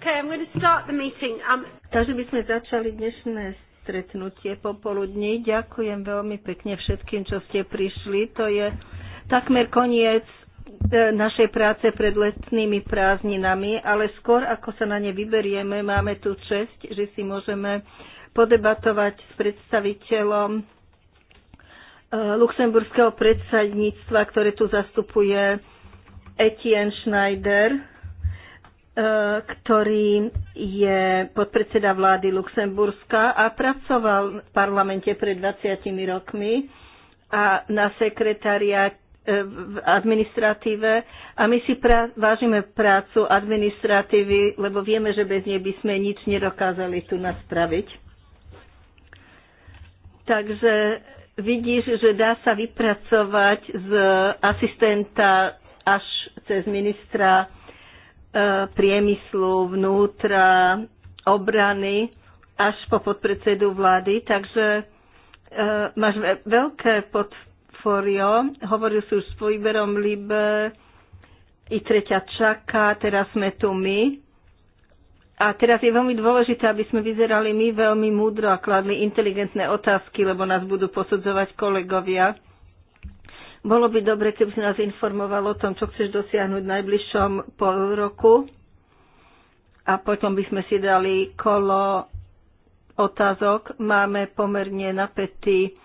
Okay, I'm going to start the meeting. Um... Takže by sme začali dnešné stretnutie popoludní. Ďakujem veľmi pekne všetkým, čo ste prišli. To je takmer koniec e, našej práce pred letnými prázdninami, ale skôr ako sa na ne vyberieme, máme tu čest, že si môžeme podebatovať s predstaviteľom e, luxemburského predsadníctva, ktoré tu zastupuje Etienne Schneider, E, ktorý je podpredseda vlády Luxemburska a pracoval v parlamente pred 20 rokmi a na sekretariat e, v administratíve a my si pra- vážime prácu administratívy, lebo vieme, že bez nej by sme nič nedokázali tu naspraviť. Takže vidíš, že dá sa vypracovať z asistenta až cez ministra E, priemyslu, vnútra, obrany až po podpredsedu vlády. Takže e, máš veľké portfólio. Hovoril si už s Fujberom Libe, i treťa čaká, teraz sme tu my. A teraz je veľmi dôležité, aby sme vyzerali my veľmi múdro a kladli inteligentné otázky, lebo nás budú posudzovať kolegovia. Bolo by dobre, keby si nás informoval o tom, čo chceš dosiahnuť v najbližšom pol roku a potom by sme si dali kolo otázok. Máme pomerne napätý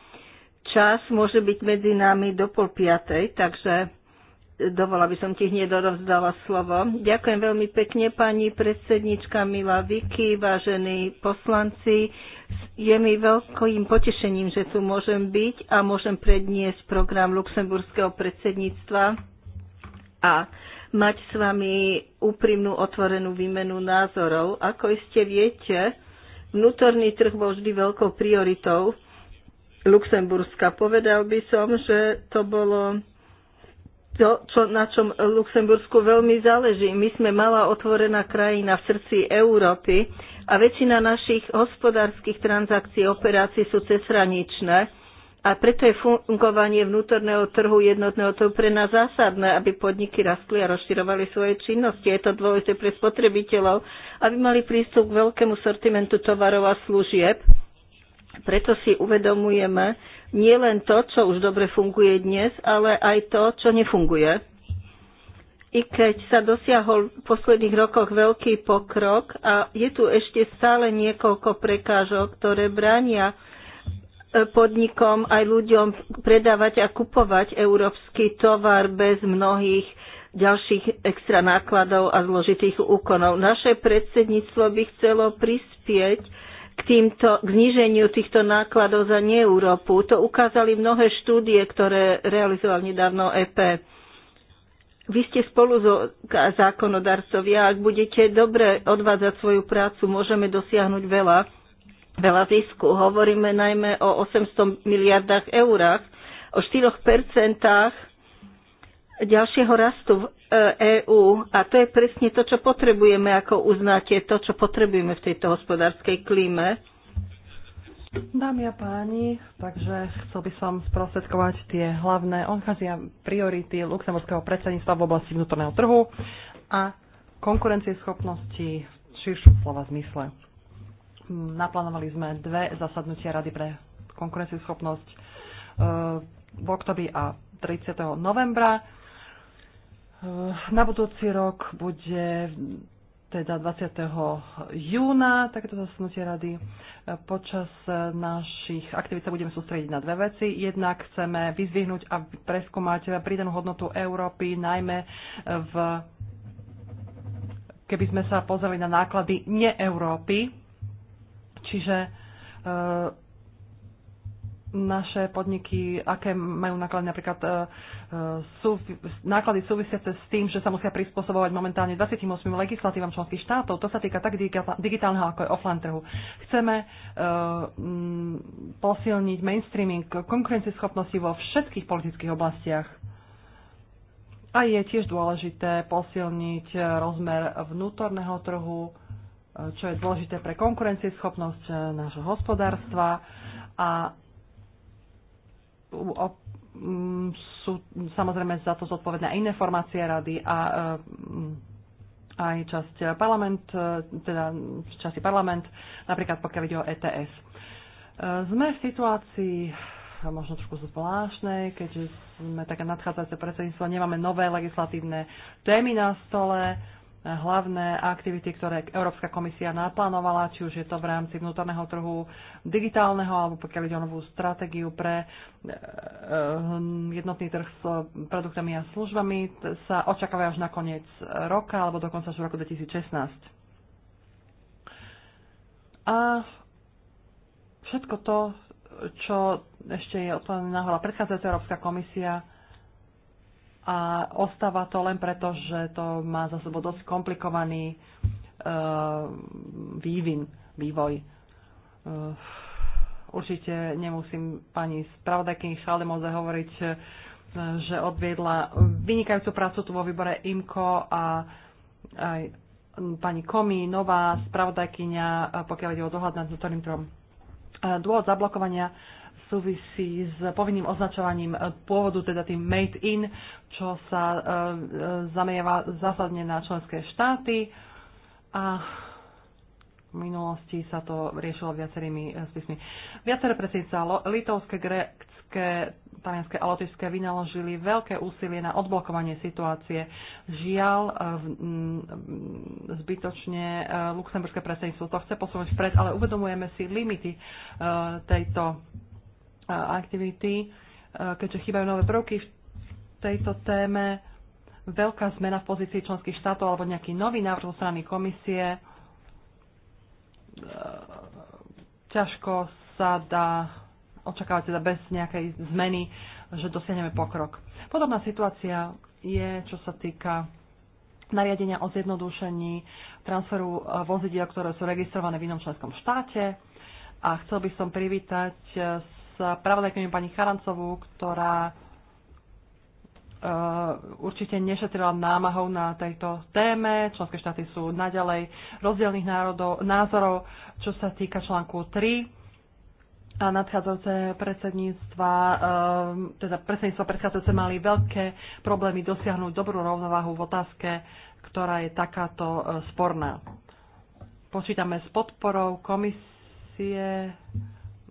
čas, môže byť medzi nami do pol piatej, takže dovolila by som ti hneď dorozdala slovo. Ďakujem veľmi pekne, pani predsednička Milá Viki, vážení poslanci. Je mi veľkým potešením, že tu môžem byť a môžem predniesť program luxemburského predsedníctva a mať s vami úprimnú otvorenú výmenu názorov. Ako iste viete, vnútorný trh bol vždy veľkou prioritou Luxemburska. Povedal by som, že to bolo to, čo, na čom Luxembursku veľmi záleží. My sme malá otvorená krajina v srdci Európy a väčšina našich hospodárskych transakcií, operácií sú cezhraničné a preto je fungovanie vnútorného trhu jednotného trhu pre nás zásadné, aby podniky rastli a rozširovali svoje činnosti. Je to dôležité pre spotrebiteľov, aby mali prístup k veľkému sortimentu tovarov a služieb. Preto si uvedomujeme, nie len to, čo už dobre funguje dnes, ale aj to, čo nefunguje. I keď sa dosiahol v posledných rokoch veľký pokrok a je tu ešte stále niekoľko prekážok, ktoré bránia e, podnikom aj ľuďom predávať a kupovať európsky tovar bez mnohých ďalších extra nákladov a zložitých úkonov. Naše predsedníctvo by chcelo prispieť k, týmto, k zniženiu týchto nákladov za Európu, To ukázali mnohé štúdie, ktoré realizoval nedávno EP. Vy ste spolu so zákonodarcovia, ak budete dobre odvádzať svoju prácu, môžeme dosiahnuť veľa, veľa zisku. Hovoríme najmä o 800 miliardách eurách, o 4% ďalšieho rastu v EÚ. E a to je presne to, čo potrebujeme, ako uznáte to, čo potrebujeme v tejto hospodárskej klíme. Dámy a páni, takže chcel by som sprostredkovať tie hlavné odcházia priority luxemburského predsedníctva v oblasti vnútorného trhu a konkurencieschopnosti v širšom slova zmysle. Naplánovali sme dve zasadnutia Rady pre konkurencieschopnosť e, v oktobri a 30. novembra Eh, na budúci rok bude teda 20. júna takéto zasnutie rady. Eh, počas našich aktivít sa budeme sústrediť na dve veci. Jednak chceme vyzvihnúť a preskúmať pridanú hodnotu Európy, najmä v keby sme sa pozreli na náklady ne Európy. Čiže eh, naše podniky, aké majú náklady napríklad e, e, sú, náklady súvisiace s tým, že sa musia prispôsobovať momentálne 28 legislatívam členských štátov. To sa týka tak digitálneho ako aj offline trhu. Chceme e, mm, posilniť mainstreaming konkurencieschopnosti vo všetkých politických oblastiach. A je tiež dôležité posilniť rozmer vnútorného trhu, čo je dôležité pre konkurencieschopnosť nášho hospodárstva a Mm, sú samozrejme za to zodpovedné iné formácie rady a e, aj časť parlament, e, teda časti parlament, napríklad pokiaľ ide o ETS. E, sme v situácii možno trošku zvláštnej, keďže sme také nadchádzajúce predsedníctvo, nemáme nové legislatívne témy na stole, hlavné aktivity, ktoré Európska komisia naplánovala, či už je to v rámci vnútorného trhu digitálneho, alebo pokiaľ ide o novú stratégiu pre e, e, jednotný trh s produktami a službami, sa očakávajú až na koniec roka, alebo dokonca až v roku 2016. A všetko to, čo ešte je na nahola predchádzajúca Európska komisia, a ostáva to len preto, že to má za sebou dosť komplikovaný uh, vývin, vývoj. Uh, určite nemusím pani spravodajkyni Šaldemoze hovoriť, uh, že odviedla vynikajúcu prácu tu vo výbore IMKO a aj pani Komi, nová spravodajkyňa, pokiaľ ide o dohľad nad vnútorným trom. Uh, dôvod zablokovania uh, súvisí s povinným označovaním pôvodu, teda tým made in, čo sa e, e, zameriava zásadne na členské štáty a v minulosti sa to riešilo viacerými e, spismi. Viaceré predsednica litovské, grecké, talianské a lotišské vynaložili veľké úsilie na odblokovanie situácie. Žiaľ, zbytočne luxemburské predsedníctvo to chce posunúť vpred, ale uvedomujeme si limity tejto aktivity, e, keďže chýbajú nové prvky v tejto téme, veľká zmena v pozícii členských štátov alebo nejaký nový návrh zo strany komisie, e, ťažko sa dá očakávať teda bez nejakej zmeny, že dosiahneme pokrok. Podobná situácia je, čo sa týka nariadenia o zjednodušení transferu e, vozidiel, ktoré sú registrované v inom členskom štáte. A chcel by som privítať spravodajkyňu pani Charancovú, ktorá eh, určite nešetrila námahou na tejto téme. Členské štáty sú naďalej rozdielných národov, názorov, čo sa týka článku 3 a nadchádzajúce predsedníctva, eh, teda predsedníctva predchádzajúce mali veľké problémy dosiahnuť dobrú rovnováhu v otázke, ktorá je takáto eh, sporná. Počítame s podporou komisie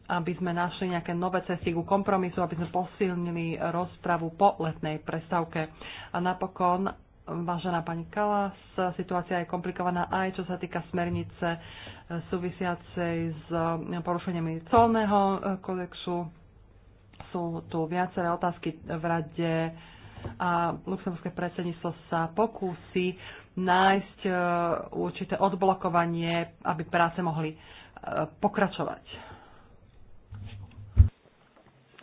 aby sme našli nejaké nové cesty ku kompromisu, aby sme posilnili rozpravu po letnej prestávke. A napokon, vážená pani Kalas, situácia je komplikovaná aj čo sa týka smernice e, súvisiacej s e, porušeniami colného e, kodexu. Sú tu viaceré otázky v rade a luxemburské predsedníctvo sa pokúsi nájsť určité odblokovanie, aby práce mohli pokračovať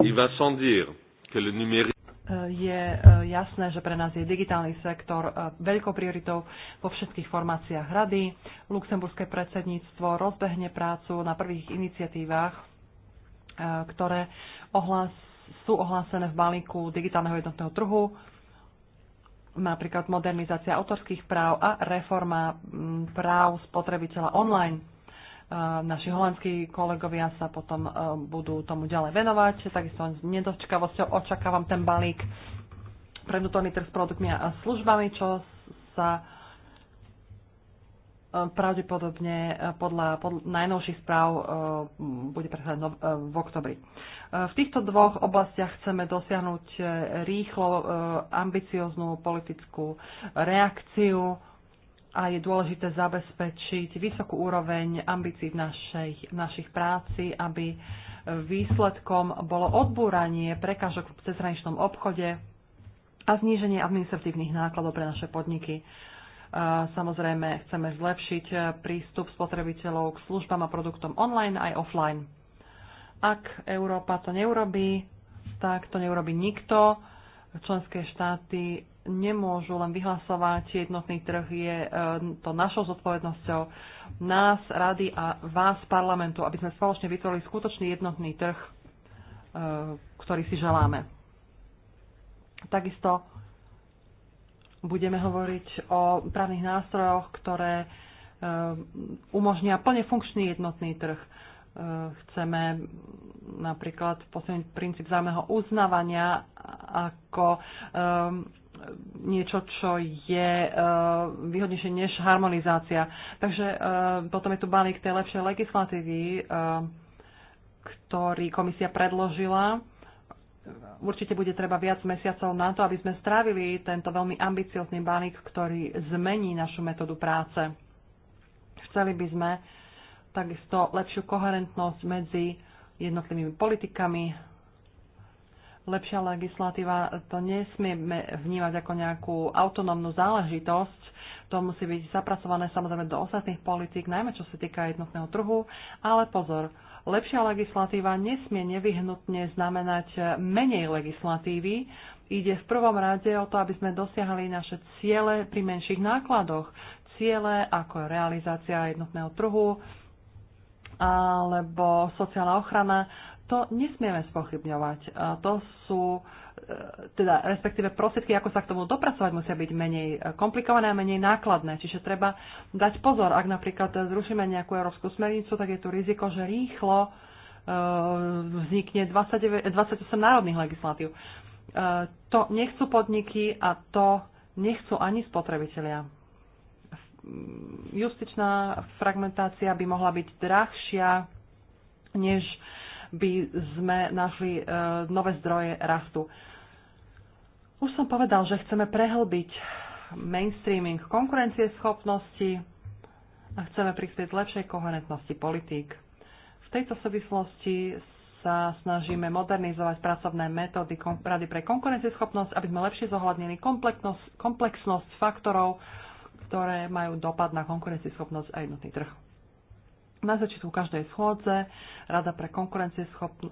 va sans dire que le numérique e, je e, jasné, že pre nás je digitálny sektor e, veľkou prioritou vo všetkých formáciách rady. Luxemburské predsedníctvo rozbehne prácu na prvých iniciatívach, ktoré ohlas, sú ohlásené v balíku digitálneho jednotného trhu, napríklad modernizácia autorských práv a reforma práv spotrebiteľa online naši holandskí kolegovia sa potom e, budú tomu ďalej venovať. Takisto s nedočkavosťou očakávam ten balík pre vnútorný trh s produktmi a službami, čo sa e, pravdepodobne e, podľa, podľa najnovších správ bude prechádzať v oktobri. V týchto dvoch oblastiach chceme dosiahnuť rýchlo ambicioznú politickú reakciu a je dôležité zabezpečiť vysokú úroveň ambícií v našej, v našich práci, aby e, výsledkom bolo odbúranie prekážok v cezhraničnom obchode a zníženie administratívnych nákladov pre naše podniky. E, samozrejme, chceme zlepšiť e, prístup spotrebiteľov k službám a produktom online aj offline. Ak Európa to neurobí, tak to neurobi nikto. Členské štáty nemôžu len vyhlasovať. Jednotný trh je e, to našou zodpovednosťou nás, rady a vás, parlamentu, aby sme spoločne vytvorili skutočný jednotný trh, e, ktorý si želáme. Takisto budeme hovoriť o právnych nástrojoch, ktoré e, umožnia plne funkčný jednotný trh. Chceme napríklad posilniť princíp zájmeho uznávania ako niečo, čo je e, výhodnejšie než harmonizácia. Takže e, potom je tu balík tej lepšej legislatívy, e, ktorý komisia predložila. Určite bude treba viac mesiacov na to, aby sme strávili tento veľmi ambiciozný balík, ktorý zmení našu metódu práce. Chceli by sme takisto lepšiu koherentnosť medzi jednotlivými politikami, lepšia legislatíva, to nesmieme vnímať ako nejakú autonómnu záležitosť. To musí byť zapracované samozrejme do ostatných politík, najmä čo sa týka jednotného trhu. Ale pozor, lepšia legislatíva nesmie nevyhnutne znamenať menej legislatívy, Ide v prvom rade o to, aby sme dosiahli naše ciele pri menších nákladoch. Ciele ako realizácia jednotného trhu alebo sociálna ochrana to nesmieme spochybňovať. To sú, e, teda respektíve prostriedky, ako sa k tomu dopracovať, musia byť menej komplikované a menej nákladné. Čiže treba dať pozor, ak napríklad zrušíme nejakú európsku smernicu, tak je tu riziko, že rýchlo e, vznikne 29, 28 národných legislatív. E, to nechcú podniky a to nechcú ani spotrebitelia. Justičná fragmentácia by mohla byť drahšia než by sme našli e, nové zdroje rastu. Už som povedal, že chceme prehlbiť mainstreaming konkurencieschopnosti a chceme prispieť lepšej koherentnosti politík. V tejto súvislosti sa snažíme modernizovať pracovné metódy Rady pre konkurencieschopnosť, aby sme lepšie zohľadnili komplexnosť faktorov, ktoré majú dopad na konkurencieschopnosť a jednotný trh. Na začiatku každej schôdze Rada pre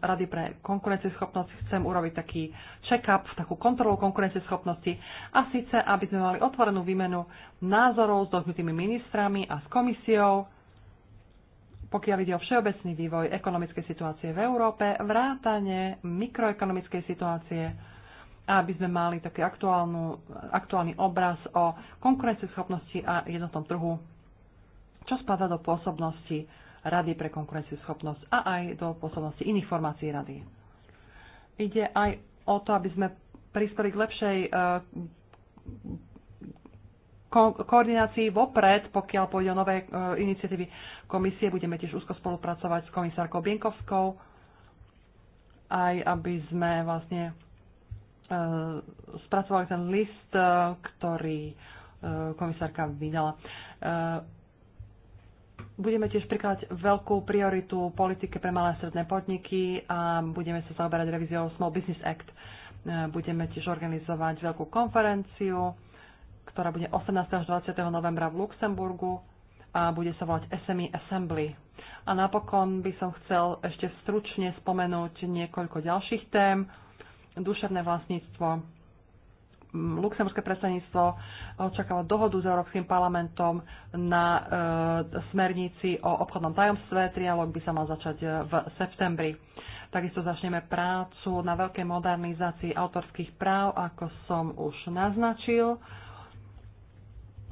Rady pre konkurencieschopnosť chcem urobiť taký check-up, takú kontrolu konkurencieschopnosti a síce, aby sme mali otvorenú výmenu názorov s dohnutými ministrami a s komisiou, pokiaľ ide o všeobecný vývoj ekonomickej situácie v Európe, vrátane mikroekonomickej situácie, aby sme mali taký aktuálny obraz o konkurencieschopnosti a jednotnom trhu čo spadá do pôsobnosti Rady pre konkurencieschopnosť a aj do pôsobnosti iných formácií Rady. Ide aj o to, aby sme prispeli k lepšej eh, ko- koordinácii vopred, pokiaľ pôjde o nové eh, iniciatívy komisie. Budeme tiež úzko spolupracovať s komisárkou Bienkovskou, aj aby sme vlastne eh, spracovali ten list, ktorý komisárka vydala. Budeme tiež prikladať veľkú prioritu politike pre malé a stredné podniky a budeme sa zaoberať revíziou Small Business Act. E, budeme tiež organizovať veľkú konferenciu, ktorá bude 18. až 20. novembra v Luxemburgu a bude sa volať SME Assembly. A napokon by som chcel ešte stručne spomenúť niekoľko ďalších tém. Duševné vlastníctvo, luxemburské predsedníctvo očakáva dohodu s Európskym parlamentom na e, smernici o obchodnom tajomstve. Trialóg by sa mal začať e, v septembri. Takisto začneme prácu na veľkej modernizácii autorských práv, ako som už naznačil.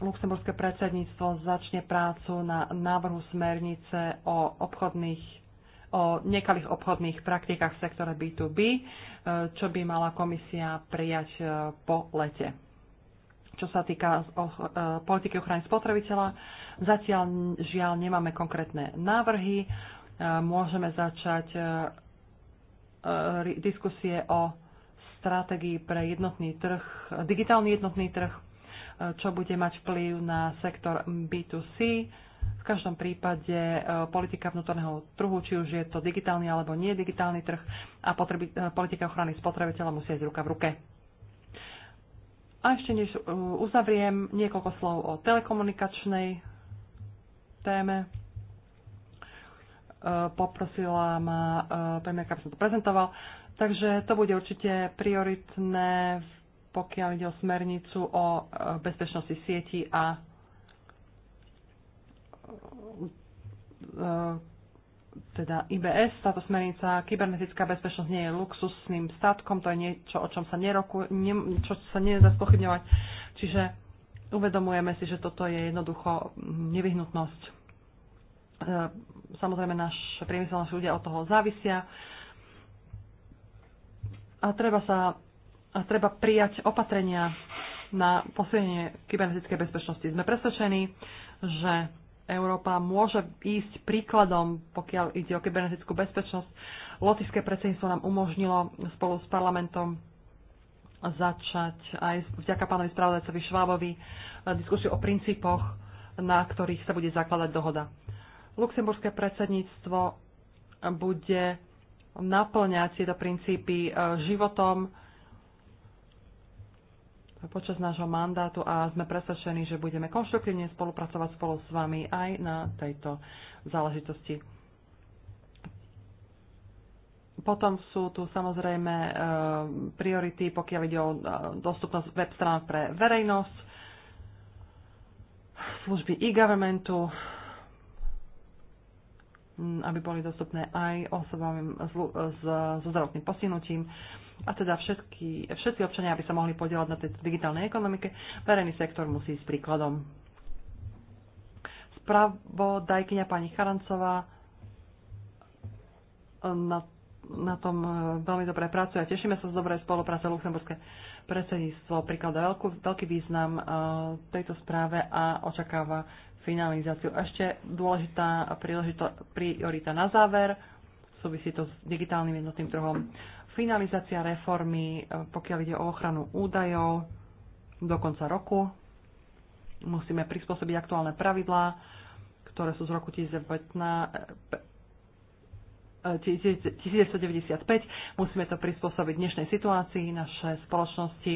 Luxemburské predsedníctvo začne prácu na návrhu smernice o obchodných o nekalých obchodných praktikách v sektore B2B, e, čo by mala komisia prijať e, po lete. Čo sa týka e, politiky ochrany spotrebiteľa, zatiaľ žiaľ nemáme konkrétne návrhy. Môžeme začať diskusie o stratégii pre jednotný trh, digitálny jednotný trh, čo bude mať vplyv na sektor B2C, každom prípade e, politika vnútorného trhu, či už je to digitálny alebo nie digitálny trh a potreby, e, politika ochrany spotrebiteľa musia ísť ruka v ruke. A ešte než e, uzavriem niekoľko slov o telekomunikačnej téme. Poprosila ma premiérka, aby som to prezentoval. Takže to bude určite prioritné, pokiaľ ide o smernicu o bezpečnosti sieti a Eh, teda IBS, táto smernica, kybernetická bezpečnosť nie je luxusným statkom, to je niečo, o čom sa, neroku, ne, čo sa nedá spochybňovať. Čiže uvedomujeme si, že toto je jednoducho nevyhnutnosť. Eh, samozrejme, náš priemysel, naši ľudia od toho závisia. A treba, sa, a treba prijať opatrenia na posilnenie kybernetickej bezpečnosti. Sme presvedčení, že Európa môže ísť príkladom, pokiaľ ide o kybernetickú bezpečnosť. Lotyšské predsedníctvo nám umožnilo spolu s parlamentom začať aj vďaka pánovi spravodajcovi Švábovi eh, diskusiu o princípoch, na ktorých sa bude zakladať dohoda. Luxemburské predsedníctvo bude naplňať tieto princípy eh, životom, počas nášho mandátu a sme presvedčení, že budeme konštruktívne spolupracovať spolu s vami aj na tejto záležitosti. Potom sú tu samozrejme e, priority, pokiaľ ide o e, dostupnosť web strán pre verejnosť, služby e-governmentu, aby boli dostupné aj osobám e, e, so zdravotným postihnutím. E, a teda všetky, všetci občania, aby sa mohli podielať na tej digitálnej ekonomike, verejný sektor musí ísť príkladom. Spravodajkyňa pani Charancová eh, na, na tom eh, veľmi dobre pracuje a tešíme sa z dobrej spolupráce Luxemburské predsedníctvo prikladá veľkú, veľký význam eh, tejto správe a očakáva finalizáciu. Ešte dôležitá priorita na záver, súvisí to s digitálnym jednotným trhom finalizácia reformy, e, pokiaľ ide o ochranu údajov do konca roku. Musíme prispôsobiť aktuálne pravidlá, ktoré sú z roku 1995. E, e, Musíme to prispôsobiť dnešnej situácii. Naše spoločnosti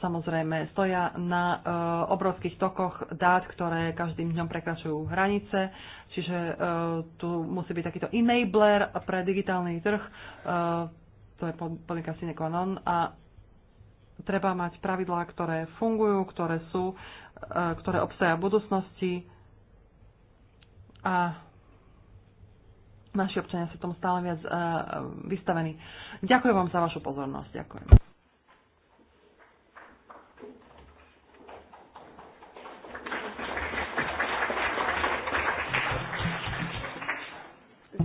samozrejme stoja na e, obrovských tokoch dát, ktoré každým dňom prekračujú hranice, čiže e, tu musí byť takýto enabler pre digitálny trh, e, to je podmienka sine qua non a treba mať pravidlá, ktoré fungujú, ktoré sú, ktoré obsaja budúcnosti a naši občania sú tomu stále viac vystavení. Ďakujem vám za vašu pozornosť. Ďakujem.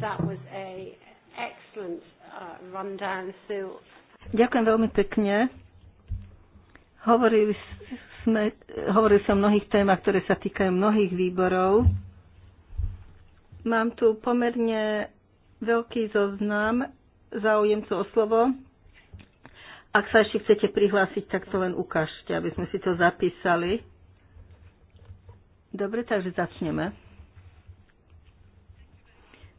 That was a excellent uh, rundown, Sue. Ďakujem veľmi pekne. Hovorili sme, hovorili sme o mnohých témach, ktoré sa týkajú mnohých výborov. Mám tu pomerne veľký zoznam záujemcov o slovo. Ak sa ešte chcete prihlásiť, tak to len ukážte, aby sme si to zapísali. Dobre, takže začneme.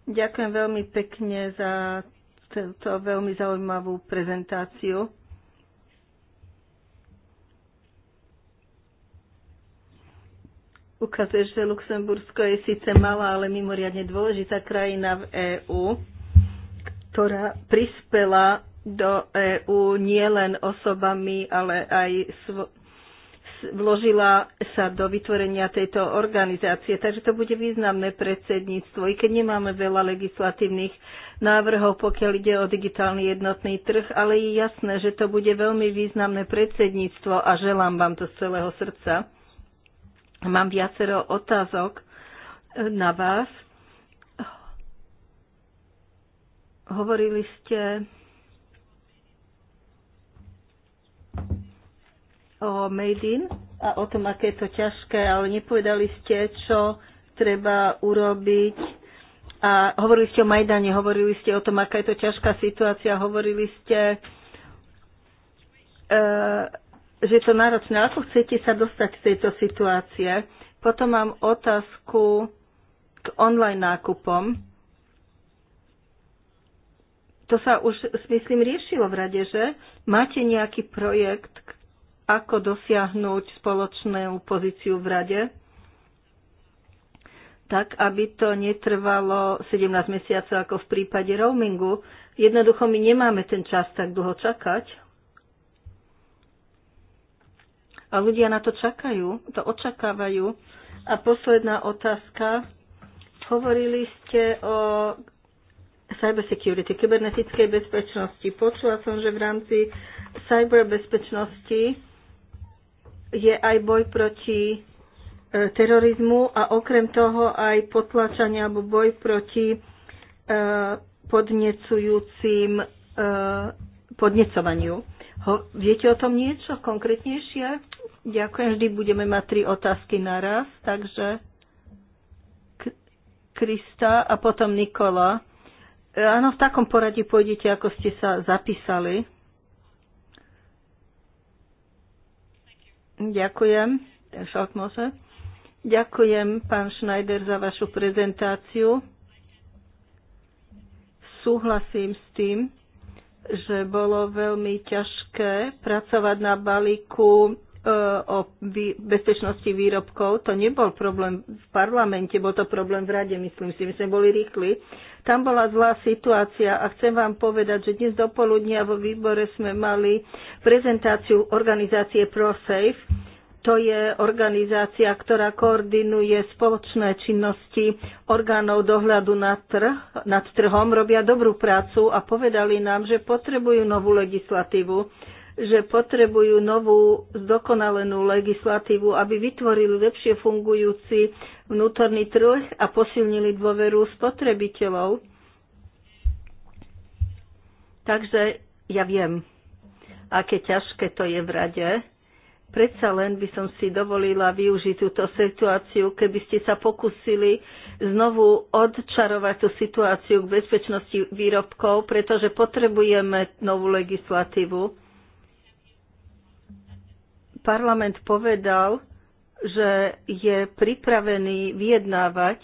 Ďakujem veľmi pekne za túto veľmi zaujímavú prezentáciu. Ukazuje, že Luxembursko je síce malá, ale mimoriadne dôležitá krajina v EÚ, ktorá prispela do EÚ nielen osobami, ale aj vložila sa do vytvorenia tejto organizácie. Takže to bude významné predsedníctvo. I keď nemáme veľa legislatívnych návrhov, pokiaľ ide o digitálny jednotný trh, ale je jasné, že to bude veľmi významné predsedníctvo a želám vám to z celého srdca. Mám viacero otázok eh, na vás. Hovorili ste o Made in a o tom, aké je to ťažké, ale nepovedali ste, čo treba urobiť. A hovorili ste o Majdane, hovorili ste o tom, aká je to ťažká situácia, hovorili ste, e, že je to náročné. Ako chcete sa dostať z tejto situácie? Potom mám otázku k online nákupom. To sa už, myslím, riešilo v rade, že máte nejaký projekt, ako dosiahnuť spoločnú pozíciu v rade, tak aby to netrvalo 17 mesiacov ako v prípade roamingu. Jednoducho my nemáme ten čas tak dlho čakať. A ľudia na to čakajú, to očakávajú. A posledná otázka. Hovorili ste o cybersecurity, kybernetickej bezpečnosti. Počula som, že v rámci cyberbezpečnosti je aj boj proti e, terorizmu a okrem toho aj potlačanie alebo boj proti e, podnecujúcim e, podnecovaniu. Ho, viete o tom niečo konkrétnejšie? Ďakujem, vždy budeme mať tri otázky naraz, takže Krista a potom Nikola. Áno, v takom poradí pôjdete, ako ste sa zapísali. Ďakujem, Šaltmose. Ďakujem, pán Schneider, za vašu prezentáciu. Súhlasím s tým, že bolo veľmi ťažké pracovať na balíku o bezpečnosti výrobkov. To nebol problém v parlamente, bol to problém v rade, myslím si. My sme boli rýchli. Tam bola zlá situácia a chcem vám povedať, že dnes dopoludnia vo výbore sme mali prezentáciu organizácie ProSafe. To je organizácia, ktorá koordinuje spoločné činnosti orgánov dohľadu nad, trh, nad trhom, robia dobrú prácu a povedali nám, že potrebujú novú legislatívu že potrebujú novú zdokonalenú legislatívu, aby vytvorili lepšie fungujúci vnútorný trh a posilnili dôveru spotrebiteľov. Takže ja viem, aké ťažké to je v rade. Predsa len by som si dovolila využiť túto situáciu, keby ste sa pokusili znovu odčarovať tú situáciu k bezpečnosti výrobkov, pretože potrebujeme novú legislatívu parlament povedal, že je pripravený vyjednávať,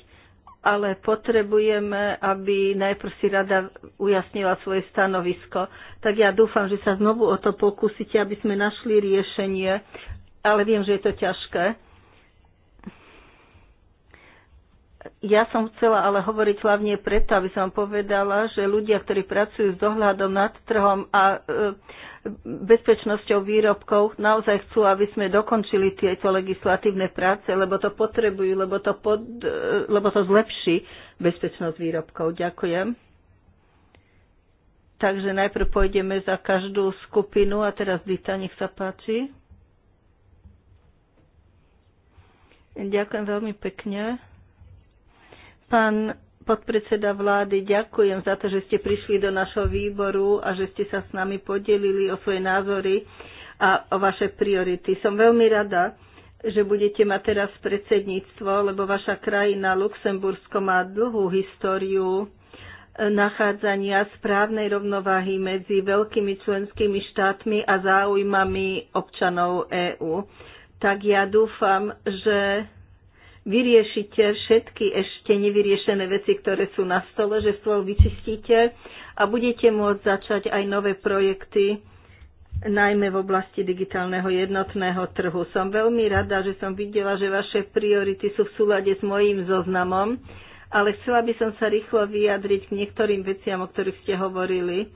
ale potrebujeme, aby najprv si rada ujasnila svoje stanovisko. Tak ja dúfam, že sa znovu o to pokúsite, aby sme našli riešenie, ale viem, že je to ťažké. ja som chcela ale hovoriť hlavne preto, aby som povedala, že ľudia, ktorí pracujú s dohľadom nad trhom a e, bezpečnosťou výrobkov, naozaj chcú, aby sme dokončili tieto legislatívne práce, lebo to potrebujú, lebo to, pod, e, lebo to zlepší bezpečnosť výrobkov. Ďakujem. Takže najprv pôjdeme za každú skupinu a teraz Dita, nech sa páči. Ďakujem veľmi pekne. Pán podpredseda vlády, ďakujem za to, že ste prišli do našho výboru a že ste sa s nami podelili o svoje názory a o vaše priority. Som veľmi rada, že budete mať teraz predsedníctvo, lebo vaša krajina Luxembursko má dlhú históriu nachádzania správnej rovnováhy medzi veľkými členskými štátmi a záujmami občanov EÚ. Tak ja dúfam, že vyriešite všetky ešte nevyriešené veci, ktoré sú na stole, že stôl vyčistíte a budete môcť začať aj nové projekty, najmä v oblasti digitálneho jednotného trhu. Som veľmi rada, že som videla, že vaše priority sú v súlade s mojím zoznamom, ale chcela by som sa rýchlo vyjadriť k niektorým veciam, o ktorých ste hovorili.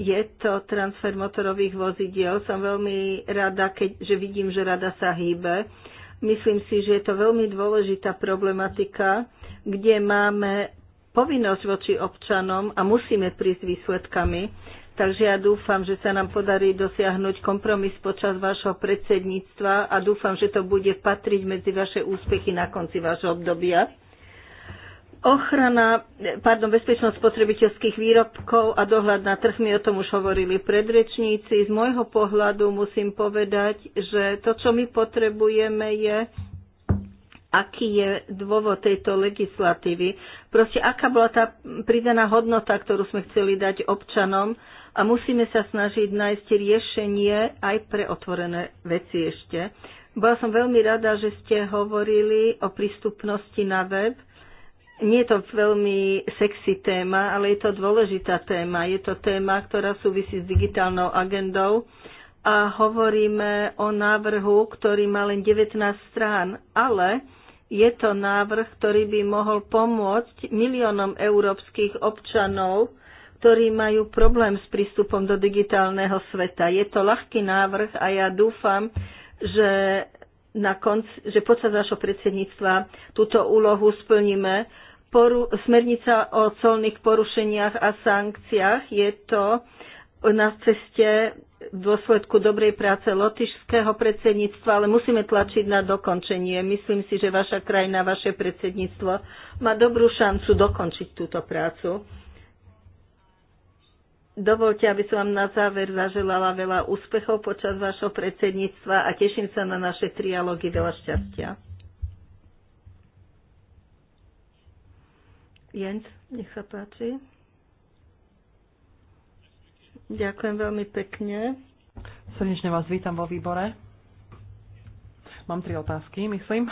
Je to transfer motorových vozidiel. Som veľmi rada, keď, že vidím, že rada sa hýbe Myslím si, že je to veľmi dôležitá problematika, kde máme povinnosť voči občanom a musíme prísť výsledkami. Takže ja dúfam, že sa nám podarí dosiahnuť kompromis počas vášho predsedníctva a dúfam, že to bude patriť medzi vaše úspechy na konci vášho obdobia. Ochrana, pardon, bezpečnosť spotrebiteľských výrobkov a dohľad na trh, my o tom už hovorili predrečníci. Z môjho pohľadu musím povedať, že to, čo my potrebujeme, je aký je dôvod tejto legislatívy. Proste aká bola tá pridaná hodnota, ktorú sme chceli dať občanom a musíme sa snažiť nájsť riešenie aj pre otvorené veci ešte. Bola som veľmi rada, že ste hovorili o prístupnosti na web nie je to veľmi sexy téma, ale je to dôležitá téma. Je to téma, ktorá súvisí s digitálnou agendou a hovoríme o návrhu, ktorý má len 19 strán, ale je to návrh, ktorý by mohol pomôcť miliónom európskych občanov, ktorí majú problém s prístupom do digitálneho sveta. Je to ľahký návrh a ja dúfam, že na konci, že počas našho predsedníctva túto úlohu splníme poru, smernica o colných porušeniach a sankciách. Je to na ceste v dôsledku dobrej práce lotišského predsedníctva, ale musíme tlačiť na dokončenie. Myslím si, že vaša krajina, vaše predsedníctvo má dobrú šancu dokončiť túto prácu. Dovolte, aby som vám na záver zaželala veľa úspechov počas vašho predsedníctva a teším sa na naše trialógy. Veľa šťastia. Jens, nech sa páči. Ďakujem veľmi pekne. Srdečne vás vítam vo výbore. Mám tri otázky, myslím.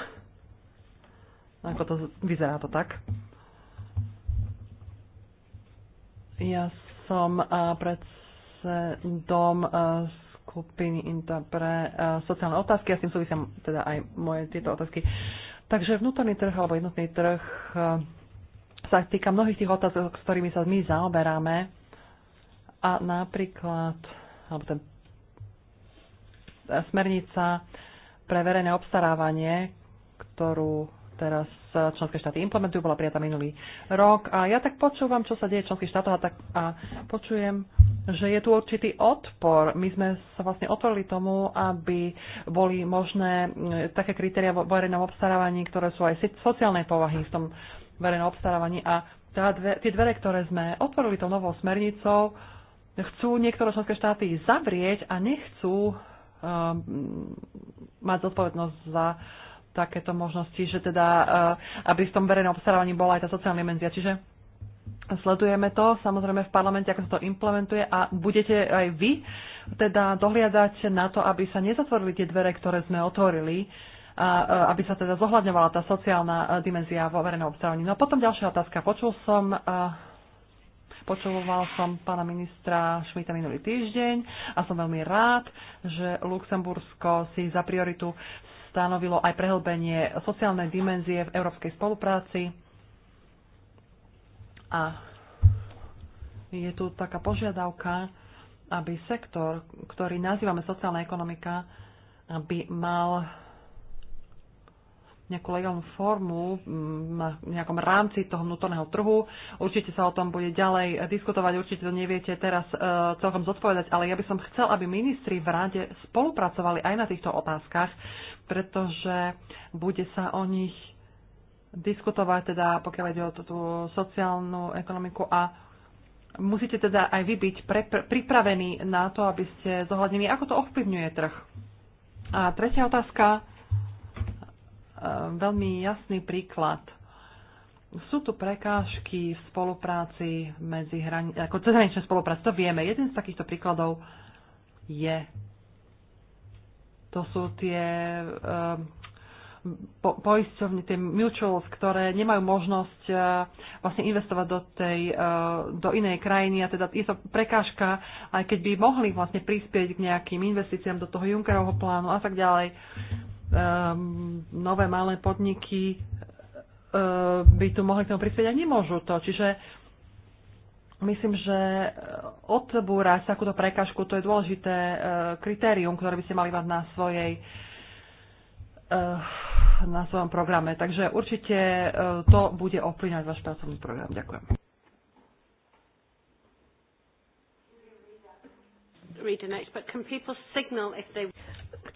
Ako to vyzerá to tak? Ja som eh, predsedom eh, skupiny Interpre pre eh, sociálne otázky a s tým súvisia teda aj moje tieto otázky. Takže vnútorný trh alebo jednotný trh sa týka mnohých tých otázok, s ktorými sa my zaoberáme. A napríklad, alebo ten smernica pre verejné obstarávanie, ktorú teraz členské štáty implementujú, bola prijatá minulý rok. A ja tak počúvam, čo sa deje v členských štátoch a, tak, a počujem, že je tu určitý odpor. My sme sa vlastne otvorili tomu, aby boli možné také kritéria vo verejnom obstarávaní, ktoré sú aj sociálnej povahy v tom verejné obstarávanie a tá dve, tie dvere, ktoré sme otvorili tou novou smernicou, chcú niektoré členské štáty zavrieť a nechcú um, mať zodpovednosť za takéto možnosti, že teda, uh, aby v tom verejnom obstarávaní bola aj tá sociálna dimenzia. Čiže sledujeme to samozrejme v parlamente, ako sa to implementuje a budete aj vy teda dohliadať na to, aby sa nezatvorili tie dvere, ktoré sme otvorili. Uh, a aby sa teda zohľadňovala tá sociálna e, dimenzia vo verejnom obstávaní. No a potom ďalšia otázka. Počul som e, Počúval som pána ministra Šmita minulý týždeň a som veľmi rád, že Luxembursko si za prioritu stanovilo aj prehlbenie sociálnej dimenzie v európskej spolupráci. A je tu taká požiadavka, aby sektor, ktorý nazývame sociálna ekonomika, aby mal nejakú legálnu formu mm, na nejakom rámci toho vnútorného trhu. Určite sa o tom bude ďalej diskutovať, určite to neviete teraz e, celkom zodpovedať, ale ja by som chcel, aby ministri v rade spolupracovali aj na týchto otázkach, pretože bude sa o nich diskutovať, teda pokiaľ ide o tú sociálnu ekonomiku a musíte teda aj vy byť pre, pre, pripravení na to, aby ste zohľadnili, ako to ovplyvňuje trh. A tretia otázka Ehm, veľmi jasný príklad. Sú tu prekážky v spolupráci medzi hrani- ako cezhraničnej spolupráci, to vieme. Jeden z takýchto príkladov je to sú tie um, po, poisťovne, tie mutuals, ktoré nemajú možnosť uh, vlastne investovať do, tej, uh, do inej krajiny a teda je to prekážka, aj keď by mohli vlastne prispieť k nejakým investíciám do toho Junckerovho plánu a tak ďalej um, nové malé podniky um, by tu mohli k tomu prispieť a nemôžu to. Čiže myslím, že odbúrať takúto prekažku, to je dôležité uh, kritérium, ktoré by ste mali mať na svojej e, na svojom programe. Takže určite to bude ovplyvňovať váš pracovný program. Ďakujem. read the but can people signal if they...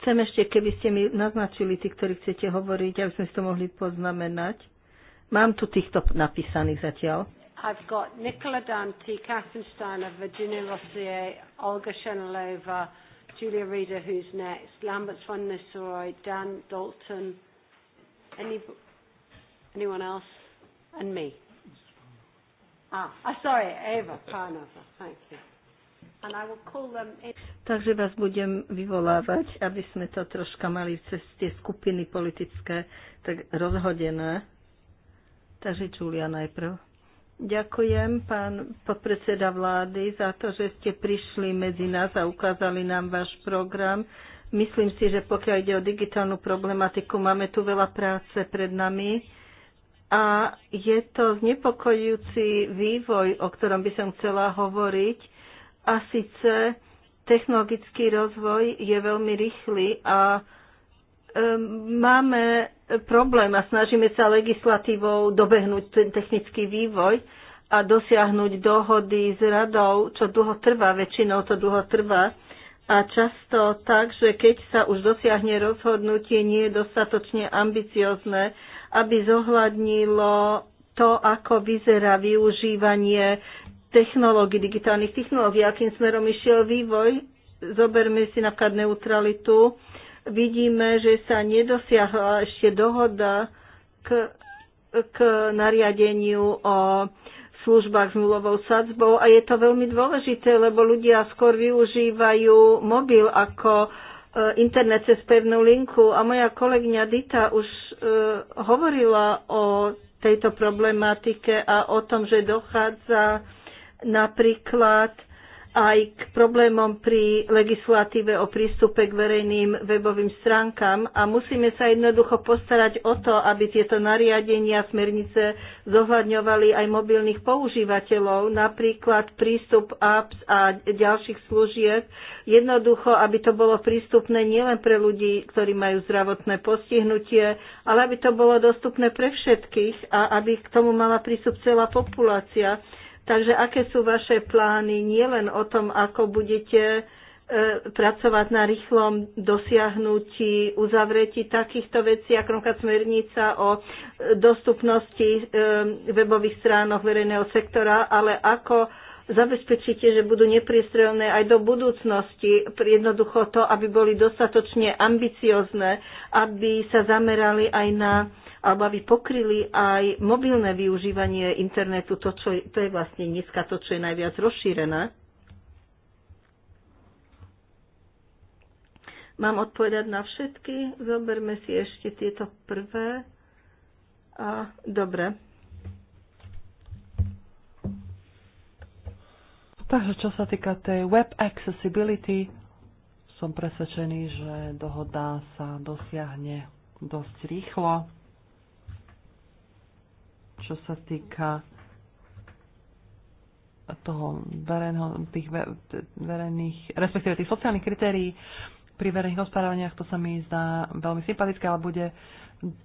Chcem ešte, keby ste mi naznačili, tí, ktorí chcete hovoriť, aby sme si to mohli poznamenať. Mám tu týchto napísaných zatiaľ. I've got Nicola Dante, Catherine Steiner, Virginia Rossier, Olga Shenilova, Julia Reader, who's next, Lambert von Nisseroy, Dan Dalton, any, anyone else, and me. Ah, oh, sorry, Ava Parnova, thank you. Takže vás budem vyvolávať, aby sme to troška mali cez tie skupiny politické tak rozhodené. Takže Julia najprv. Ďakujem, pán podpredseda vlády, za to, že ste prišli medzi nás a ukázali nám váš program. Myslím si, že pokiaľ ide o digitálnu problematiku, máme tu veľa práce pred nami. A je to znepokojujúci vývoj, o ktorom by som chcela hovoriť a síce technologický rozvoj je veľmi rýchly a máme problém a snažíme sa legislatívou dobehnúť ten technický vývoj a dosiahnuť dohody s radou, čo dlho trvá, väčšinou to dlho trvá. A často tak, že keď sa už dosiahne rozhodnutie, nie je dostatočne ambiciozne, aby zohľadnilo to, ako vyzerá využívanie technológií, digitálnych technológií, akým smerom išiel vývoj. Zoberme si napríklad neutralitu. Vidíme, že sa nedosiahla ešte dohoda k, k nariadeniu o službách s nulovou sadzbou a je to veľmi dôležité, lebo ľudia skôr využívajú mobil ako e, internet cez pevnú linku a moja kolegyňa Dita už uh, hovorila o tejto problematike a o tom, že dochádza napríklad aj k problémom pri legislatíve o prístupe k verejným webovým stránkam a musíme sa jednoducho postarať o to, aby tieto nariadenia, smernice zohľadňovali aj mobilných používateľov, napríklad prístup apps a ďalších služieb, jednoducho, aby to bolo prístupné nielen pre ľudí, ktorí majú zdravotné postihnutie, ale aby to bolo dostupné pre všetkých a aby k tomu mala prístup celá populácia. Takže aké sú vaše plány nielen o tom, ako budete e, pracovať na rýchlom dosiahnutí, uzavretí takýchto vecí, ako napríklad smernica o e, dostupnosti e, webových stránok verejného sektora, ale ako zabezpečíte, že budú nepriestrelné aj do budúcnosti, jednoducho to, aby boli dostatočne ambiciozne, aby sa zamerali aj na alebo aby pokryli aj mobilné využívanie internetu, to, čo, to je vlastne dneska to, čo je najviac rozšírené. Mám odpovedať na všetky? Zoberme si ešte tieto prvé. A, dobre. Takže čo sa týka tej web accessibility, som presvedčený, že dohoda sa dosiahne dosť rýchlo čo sa týka toho verejného, tých verejných, respektíve tých sociálnych kritérií pri verejných hospodárovaniach, to sa mi zdá veľmi sympatické, ale bude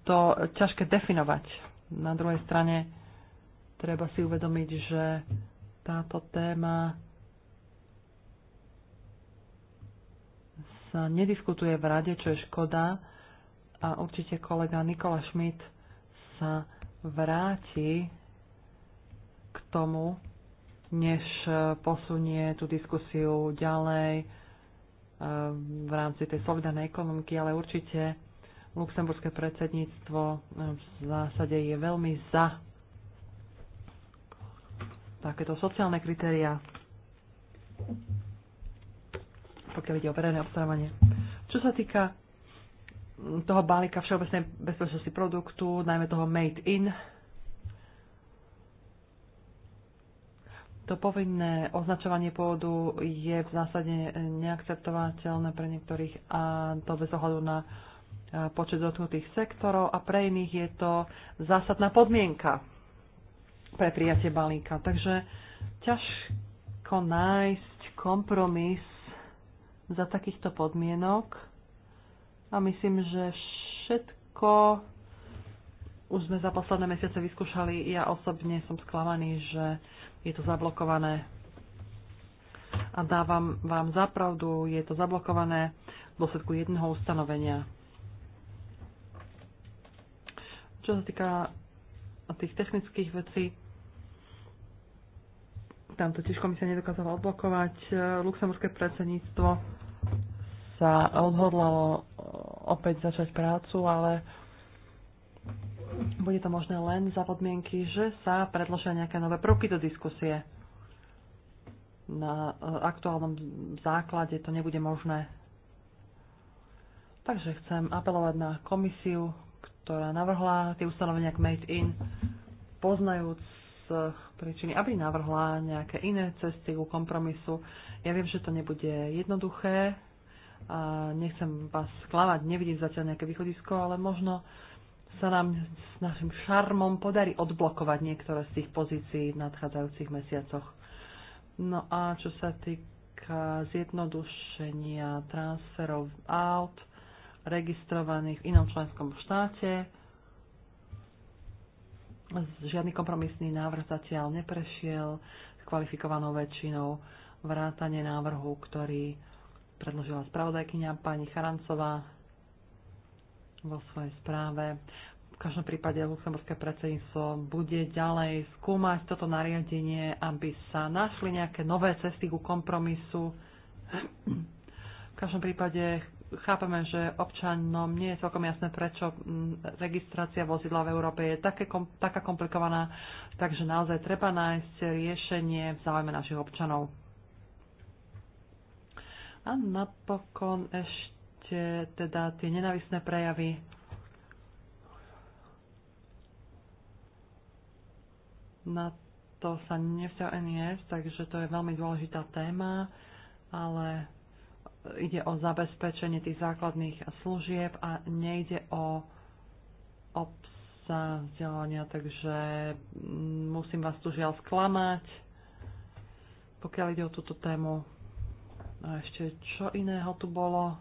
to ťažké definovať. Na druhej strane treba si uvedomiť, že táto téma sa nediskutuje v rade, čo je škoda a určite kolega Nikola Schmidt sa vráti k tomu, než posunie tú diskusiu ďalej eh, v rámci tej solidárnej ekonomiky, ale určite luxemburské predsedníctvo eh, v zásade je veľmi za takéto sociálne kritéria, pokiaľ ide o verejné obstarávanie. Čo sa týka toho balíka všeobecnej bezpečnosti produktu, najmä toho made in. To povinné označovanie pôdu je v zásade neakceptovateľné pre niektorých a to bez ohľadu na e, počet dotknutých sektorov a pre iných je to zásadná podmienka pre prijatie balíka. Takže ťažko nájsť kompromis za takýchto podmienok a myslím, že všetko už sme za posledné mesiace vyskúšali. Ja osobne som sklamaný, že je to zablokované. A dávam vám zapravdu, je to zablokované v dôsledku jedného ustanovenia. Čo sa týka tých technických vecí, tam totiž komisia nedokázala odblokovať eh, luxemburské predsedníctvo sa odhodlalo e, opäť začať prácu, ale bude to možné len za podmienky, že sa predložia nejaké nové prvky do diskusie. Na e, aktuálnom základe to nebude možné. Takže chcem apelovať na komisiu, ktorá navrhla tie ustanovenia k Made in, poznajúc e, príčiny, aby navrhla nejaké iné cesty ku kompromisu. Ja viem, že to nebude jednoduché, a nechcem vás sklamať, nevidím zatiaľ nejaké východisko, ale možno sa nám s našim šarmom podarí odblokovať niektoré z tých pozícií v nadchádzajúcich mesiacoch. No a čo sa týka zjednodušenia transferov aut registrovaných v inom členskom štáte, žiadny kompromisný návrh zatiaľ neprešiel s kvalifikovanou väčšinou vrátane návrhu, ktorý predložila spravodajkyňa pani Charancová vo svojej správe. V každom prípade Luxemburské predsedníctvo bude ďalej skúmať toto nariadenie, aby sa našli nejaké nové cesty ku kompromisu. V každom prípade chápeme, že občanom nie je celkom jasné, prečo registrácia vozidla v Európe je také, kom, taká komplikovaná, takže naozaj treba nájsť riešenie v záujme našich občanov. A napokon ešte teda tie nenavisné prejavy. Na to sa nevzťahuje NIS, takže to je veľmi dôležitá téma, ale ide o zabezpečenie tých základných služieb a nejde o obsah vzdelania, takže musím vás tu žiaľ sklamať, pokiaľ ide o túto tému. A ešte čo iného tu bolo?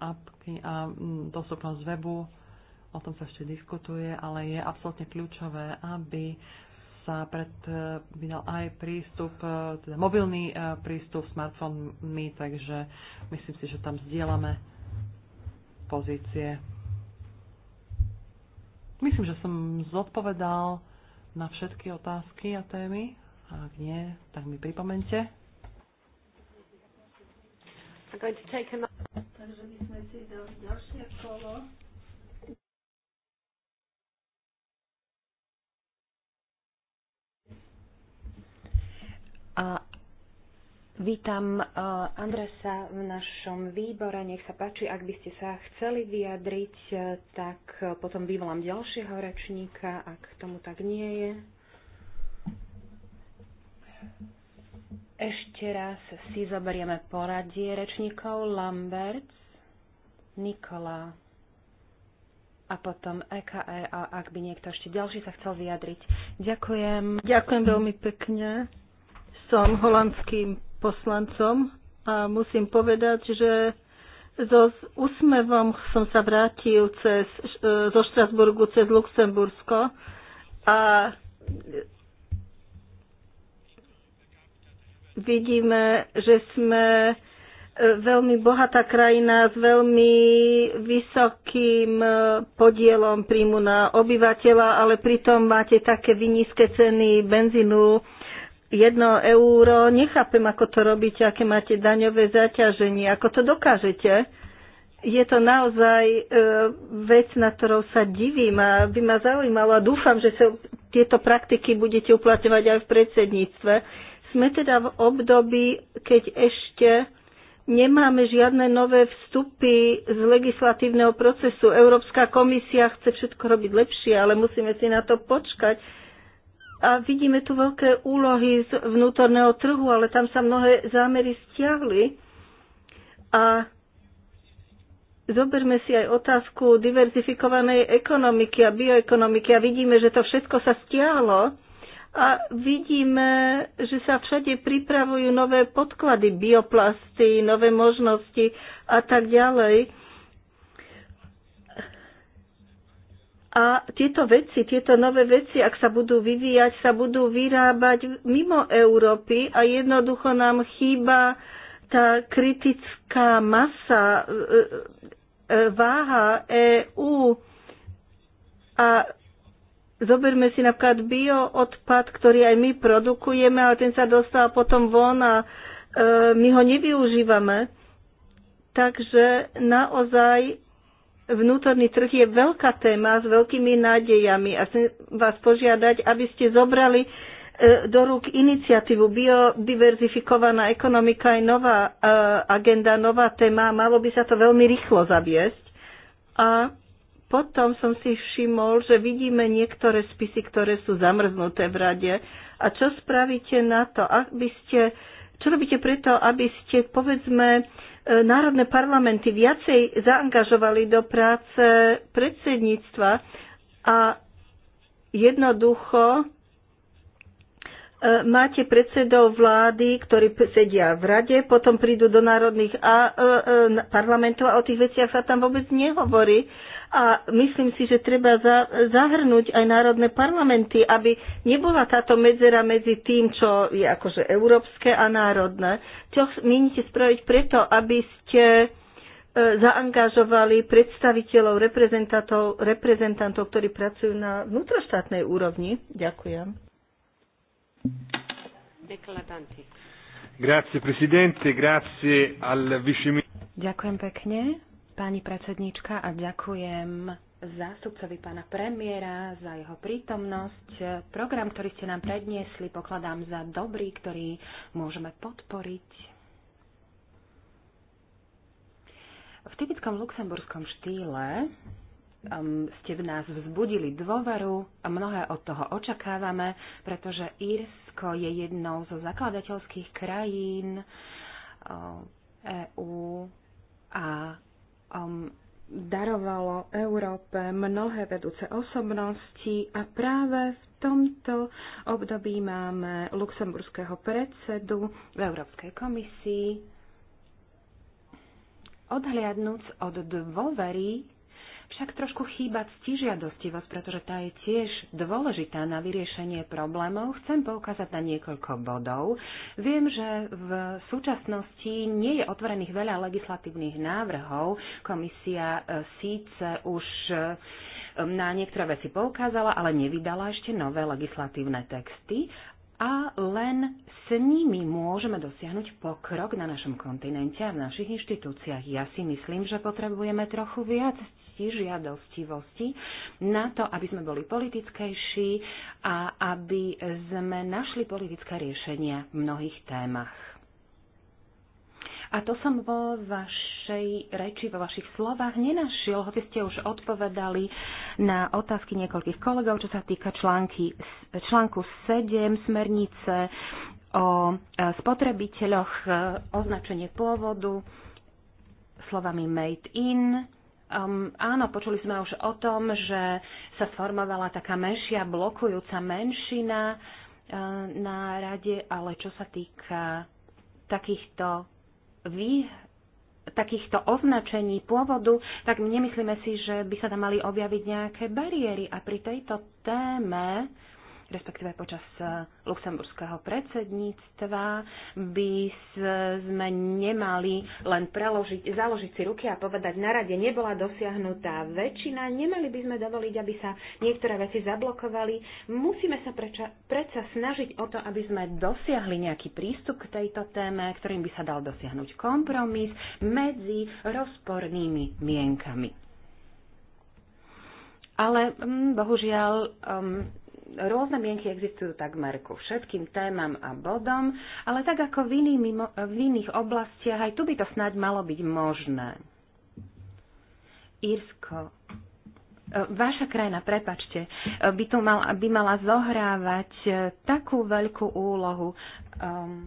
Apky a mm, dostupnosť webu. O tom sa ešte diskutuje, ale je absolútne kľúčové, aby sa predvídal e, aj prístup, e, teda mobilný e, prístup smartfónmi, takže myslím si, že tam zdieľame pozície. Myslím, že som zodpovedal na všetky otázky a témy. Ak nie, tak mi pripomente. Takže my sme si dali ďalšie kolo. A vítam eh, Andresa v našom výbore. Nech sa páči, ak by ste sa chceli vyjadriť, eh, tak eh, potom vyvolám ďalšieho rečníka, ak tomu tak nie je. Ešte raz si zoberieme poradie rečníkov Lambert, Nikola a potom EKR e. a ak by niekto ešte ďalší sa chcel vyjadriť. Ďakujem. Ďakujem veľmi pekne. Som holandským poslancom a musím povedať, že so úsmevom som sa vrátil cez, e, zo Štrasburgu cez Luxembursko a vidíme, že sme e, veľmi bohatá krajina s veľmi vysokým e, podielom príjmu na obyvateľa, ale pritom máte také vynízke ceny benzínu, 1 euro. Nechápem, ako to robíte, aké máte daňové zaťaženie, ako to dokážete. Je to naozaj e, vec, na ktorou sa divím a by ma zaujímalo a dúfam, že sa tieto praktiky budete uplatňovať aj v predsedníctve sme teda v období, keď ešte nemáme žiadne nové vstupy z legislatívneho procesu. Európska komisia chce všetko robiť lepšie, ale musíme si na to počkať. A vidíme tu veľké úlohy z vnútorného trhu, ale tam sa mnohé zámery stiahli. A zoberme si aj otázku diverzifikovanej ekonomiky a bioekonomiky a vidíme, že to všetko sa stiahlo a vidíme, že sa všade pripravujú nové podklady, bioplasty, nové možnosti a tak ďalej. A tieto veci, tieto nové veci, ak sa budú vyvíjať, sa budú vyrábať mimo Európy a jednoducho nám chýba tá kritická masa, e, e, e, váha EÚ. A Zoberme si napríklad bioodpad, ktorý aj my produkujeme, ale ten sa dostal potom von a e, my ho nevyužívame. Takže naozaj vnútorný trh je veľká téma s veľkými nádejami a chcem vás požiadať, aby ste zobrali e, do rúk iniciatívu Biodiverzifikovaná ekonomika je nová e, agenda, nová téma. Malo by sa to veľmi rýchlo zaviesť. A potom som si všimol, že vidíme niektoré spisy, ktoré sú zamrznuté v rade. A čo spravíte na to, aby ste, čo robíte preto, aby ste, povedzme, e, národné parlamenty viacej zaangažovali do práce predsedníctva a jednoducho e, máte predsedov vlády, ktorí sedia v rade, potom prídu do národných a, a, e, a, parlamentov a o tých veciach sa tam vôbec nehovorí. A myslím si, že treba zahrnúť aj národné parlamenty, aby nebola táto medzera medzi tým, čo je akože európske a národné. Čo mienite spraviť preto, aby ste e, zaangažovali predstaviteľov, reprezentantov, reprezentantov, ktorí pracujú na vnútroštátnej úrovni. Ďakujem. Grazie, grazie al vice... Ďakujem pekne pani predsednička, a ďakujem zástupcovi pána premiéra za jeho prítomnosť. Program, ktorý ste nám predniesli, pokladám za dobrý, ktorý môžeme podporiť. V typickom luxemburskom štýle um, ste v nás vzbudili dôveru a mnohé od toho očakávame, pretože Írsko je jednou zo zakladateľských krajín uh, EÚ a um, darovalo Európe mnohé vedúce osobnosti a práve v tomto období máme luxemburského predsedu v Európskej komisii. Odhliadnúc od dôvery však trošku chýba ctižiadostivosť, pretože tá je tiež dôležitá na vyriešenie problémov. Chcem poukázať na niekoľko bodov. Viem, že v súčasnosti nie je otvorených veľa legislatívnych návrhov. Komisia e, síce už e, na niektoré veci poukázala, ale nevydala ešte nové legislatívne texty a len s nimi môžeme dosiahnuť pokrok na našom kontinente a v našich inštitúciách. Ja si myslím, že potrebujeme trochu viac žiadostivosti na to, aby sme boli politickejší a aby sme našli politické riešenia v mnohých témach. A to som vo vašej reči, vo vašich slovách nenašiel, hoci ste už odpovedali na otázky niekoľkých kolegov, čo sa týka články, článku 7 smernice o e, spotrebiteľoch, e, označenie pôvodu, slovami made in, Um, áno, počuli sme už o tom, že sa sformovala taká menšia blokujúca menšina uh, na rade, ale čo sa týka takýchto vý, takýchto označení pôvodu, tak nemyslíme si, že by sa tam mali objaviť nejaké bariéry. A pri tejto téme respektíve počas e, luxemburského predsedníctva by sme nemali len preložiť, založiť si ruky a povedať, na rade nebola dosiahnutá väčšina, nemali by sme dovoliť, aby sa niektoré veci zablokovali. Musíme sa preča, predsa snažiť o to, aby sme dosiahli nejaký prístup k tejto téme, ktorým by sa dal dosiahnuť kompromis medzi rozpornými mienkami. Ale mm, bohužiaľ mm, rôzne mienky existujú takmer ku všetkým témam a bodom, ale tak ako v, iný, mimo, v iných oblastiach, aj tu by to snáď malo byť možné. Írsko, e, vaša krajina, prepačte, e, by, tu mal, by mala zohrávať e, takú veľkú úlohu um,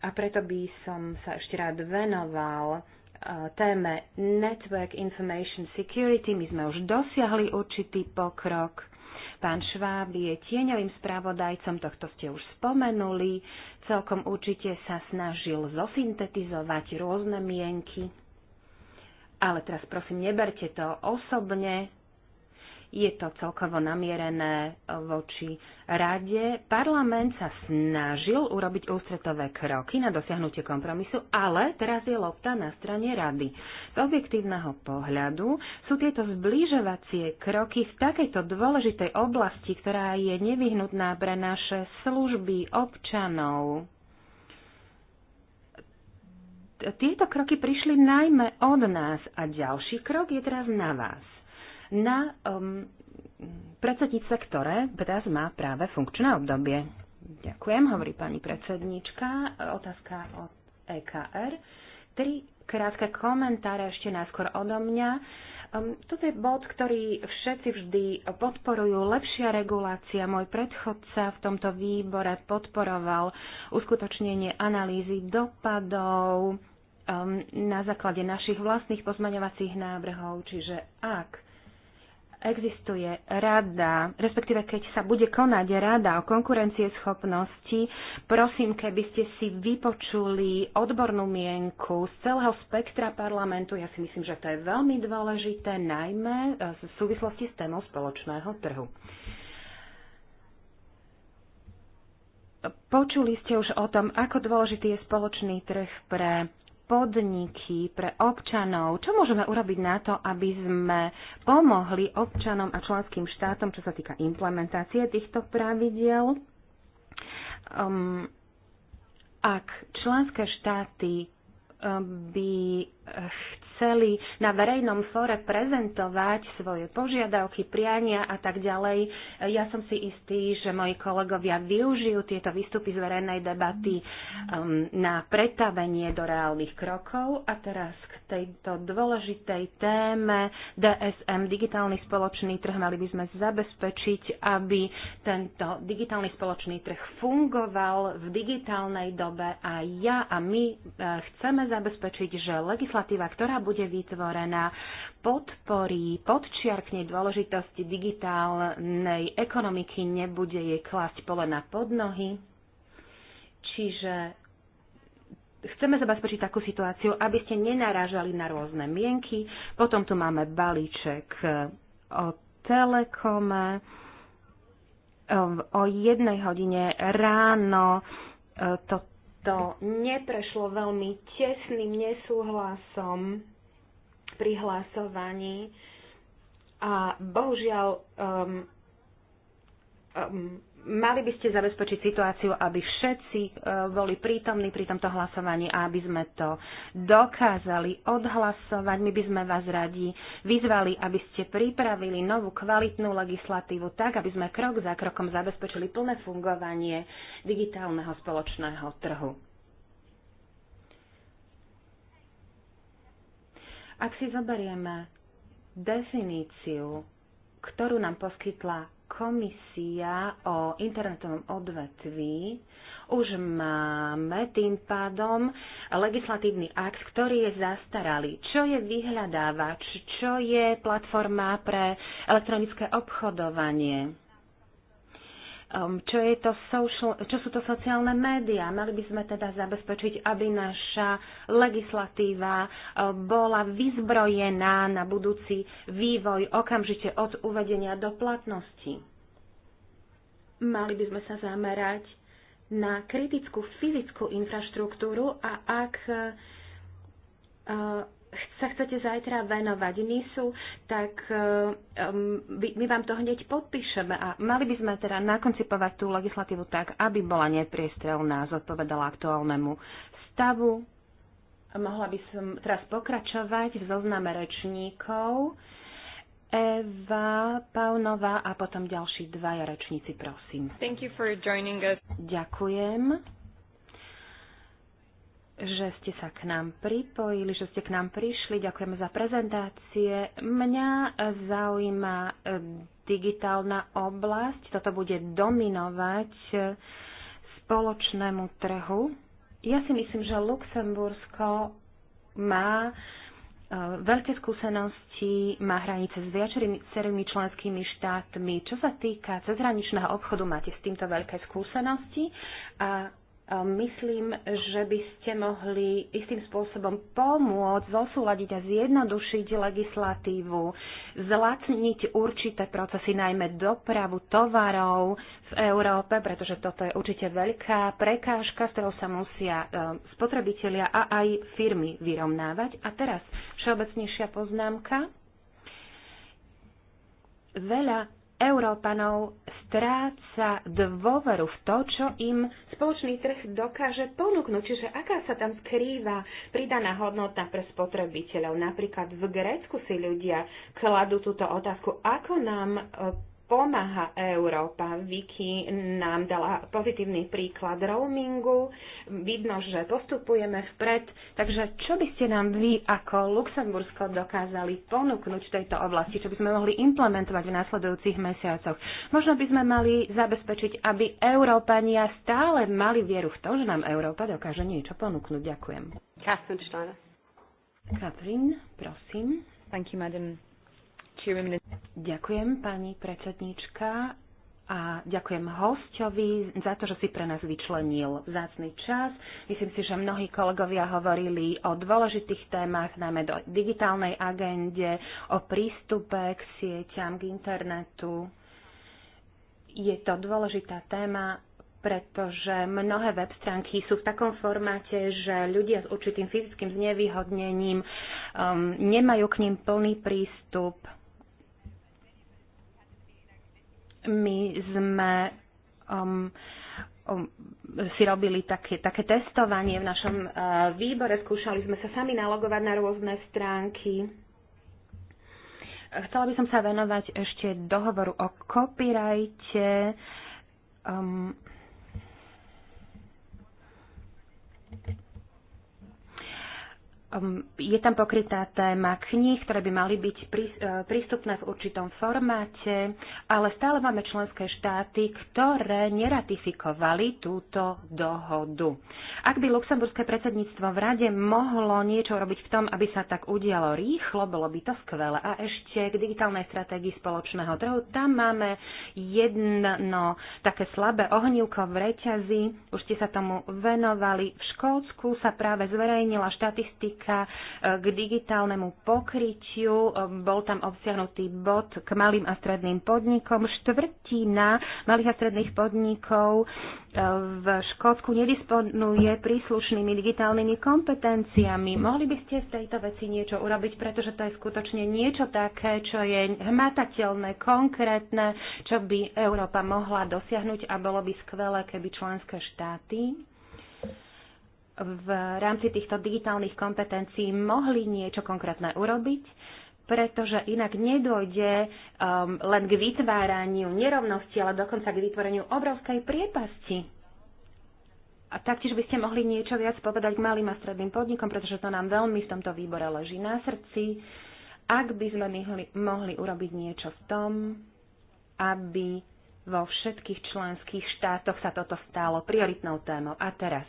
a preto by som sa ešte rád venoval téme Network Information Security. My sme už dosiahli určitý pokrok Pán Šváb je tieňovým spravodajcom, tohto ste už spomenuli. Celkom určite sa snažil zosyntetizovať rôzne mienky. Ale teraz prosím, neberte to osobne. Je to celkovo namierené e, voči rade. Parlament sa snažil urobiť ústretové kroky na dosiahnutie kompromisu, ale teraz je lopta na strane rady. Z objektívneho pohľadu sú tieto zblížovacie kroky v takejto dôležitej oblasti, ktorá je nevyhnutná pre naše služby občanov, tieto kroky prišli najmä od nás a ďalší krok je teraz na vás na um, predsednice, ktoré teraz má práve funkčné obdobie. Ďakujem, hovorí pani predsednička. Otázka od EKR. Tri krátke komentáre ešte náskôr odo mňa. Um, toto je bod, ktorý všetci vždy podporujú. Lepšia regulácia. Môj predchodca v tomto výbore podporoval uskutočnenie analýzy dopadov um, na základe našich vlastných pozmaňovacích návrhov. Čiže ak existuje rada, respektíve keď sa bude konať rada o konkurencieschopnosti, prosím, keby ste si vypočuli odbornú mienku z celého spektra parlamentu. Ja si myslím, že to je veľmi dôležité, najmä e, v súvislosti s témou spoločného trhu. Počuli ste už o tom, ako dôležitý je spoločný trh pre podniky, pre občanov. Čo môžeme urobiť na to, aby sme pomohli občanom a členským štátom, čo sa týka implementácie týchto pravidiel? Um, ak členské štáty um, by chceli na verejnom fóre prezentovať svoje požiadavky, priania a tak ďalej. Ja som si istý, že moji kolegovia využijú tieto výstupy z verejnej debaty um, na pretavenie do reálnych krokov. A teraz k tejto dôležitej téme DSM, digitálny spoločný trh, mali by sme zabezpečiť, aby tento digitálny spoločný trh fungoval v digitálnej dobe a ja a my eh, chceme zabezpečiť, že legislatívne legislatíva, ktorá bude vytvorená, podporí, podčiarkne dôležitosti digitálnej ekonomiky, nebude jej klasť pole na podnohy. Čiže chceme zabezpečiť takú situáciu, aby ste nenarážali na rôzne mienky. Potom tu máme balíček eh, o telekome eh, o jednej hodine ráno eh, to to neprešlo veľmi tesným nesúhlasom pri hlasovaní a bohužiaľ um, um, mali by ste zabezpečiť situáciu, aby všetci e, boli prítomní pri tomto hlasovaní a aby sme to dokázali odhlasovať. My by sme vás radi vyzvali, aby ste pripravili novú kvalitnú legislatívu tak, aby sme krok za krokom zabezpečili plné fungovanie digitálneho spoločného trhu. Ak si zoberieme definíciu, ktorú nám poskytla komisia o internetovom odvetví, už máme tým pádom legislatívny akt, ktorý je zastaralý. Čo je vyhľadávač? Čo je platforma pre elektronické obchodovanie? um, čo, je to social, čo sú to sociálne médiá. Mali by sme teda zabezpečiť, aby naša legislatíva um, bola vyzbrojená na budúci vývoj okamžite od uvedenia do platnosti. Mali by sme sa zamerať na kritickú fyzickú infraštruktúru a ak uh, sa chcete zajtra venovať NISu, tak e, my vám to hneď podpíšeme a mali by sme teda nakoncipovať tú legislatívu tak, aby bola nepriestrelná, zodpovedala aktuálnemu stavu. Mohla by som teraz pokračovať v zozname rečníkov. Eva Paunová a potom ďalší dvaja rečníci, prosím. Thank you for joining us. Ďakujem že ste sa k nám pripojili, že ste k nám prišli. Ďakujeme za prezentácie. Mňa zaujíma e, digitálna oblasť. Toto bude dominovať e, spoločnému trhu. Ja si myslím, že Luxembursko má e, veľké skúsenosti, má hranice s viacerými členskými štátmi. Čo sa týka cezhraničného obchodu, máte s týmto veľké skúsenosti a myslím, že by ste mohli istým spôsobom pomôcť zosúľadiť a zjednodušiť legislatívu, zlatniť určité procesy, najmä dopravu tovarov v Európe, pretože toto je určite veľká prekážka, z ktorou sa musia e, spotrebitelia a aj firmy vyrovnávať. A teraz všeobecnejšia poznámka. Veľa Európanov stráca dôveru v to, čo im spoločný trh dokáže ponúknuť. Čiže aká sa tam skrýva pridaná hodnota pre spotrebiteľov. Napríklad v Grécku si ľudia kladú túto otázku, ako nám e, pomáha Európa. Vicky nám dala pozitívny príklad roamingu. Vidno, že postupujeme vpred. Takže čo by ste nám vy ako Luxembursko dokázali ponúknuť v tejto oblasti, čo by sme mohli implementovať v následujúcich mesiacoch? Možno by sme mali zabezpečiť, aby Európania stále mali vieru v to, že nám Európa dokáže niečo ponúknuť. Ďakujem. Katrin, prosím. Thank you, madam Ďakujem, pani predsedníčka. A ďakujem hostovi za to, že si pre nás vyčlenil vzácný čas. Myslím si, že mnohí kolegovia hovorili o dôležitých témach, najmä do digitálnej agende, o prístupe k sieťam, k internetu. Je to dôležitá téma, pretože mnohé web stránky sú v takom formáte, že ľudia s určitým fyzickým znevýhodnením um, nemajú k ním plný prístup my sme um, um, si robili také, také testovanie v našom uh, výbore, skúšali sme sa sami nalogovať na rôzne stránky. Chcela by som sa venovať ešte dohovoru o copyrighte. Um, je tam pokrytá téma kníh, ktoré by mali byť e, prístupné v určitom formáte, ale stále máme členské štáty, ktoré neratifikovali túto dohodu. Ak by luxemburské predsedníctvo v rade mohlo niečo robiť v tom, aby sa tak udialo rýchlo, bolo by to skvelé. A ešte k digitálnej stratégii spoločného trhu. Tam máme jedno také slabé ohnívko v reťazi. Už ste sa tomu venovali. V Škótsku sa práve zverejnila štatistika týka e, k digitálnemu pokrytiu. E, bol tam obsiahnutý bod k malým a stredným podnikom. Štvrtina malých a stredných podnikov e, v Škótsku nedisponuje príslušnými digitálnymi kompetenciami. Mohli by ste v tejto veci niečo urobiť, pretože to je skutočne niečo také, čo je hmatateľné, konkrétne, čo by Európa mohla dosiahnuť a bolo by skvelé, keby členské štáty v rámci týchto digitálnych kompetencií mohli niečo konkrétne urobiť, pretože inak nedojde um, len k vytváraniu nerovnosti, ale dokonca k vytvoreniu obrovskej priepasti. A taktiež by ste mohli niečo viac povedať k malým a stredným podnikom, pretože to nám veľmi v tomto výbore leží na srdci. Ak by sme mohli, mohli urobiť niečo v tom, aby vo všetkých členských štátoch sa toto stalo prioritnou témou. A teraz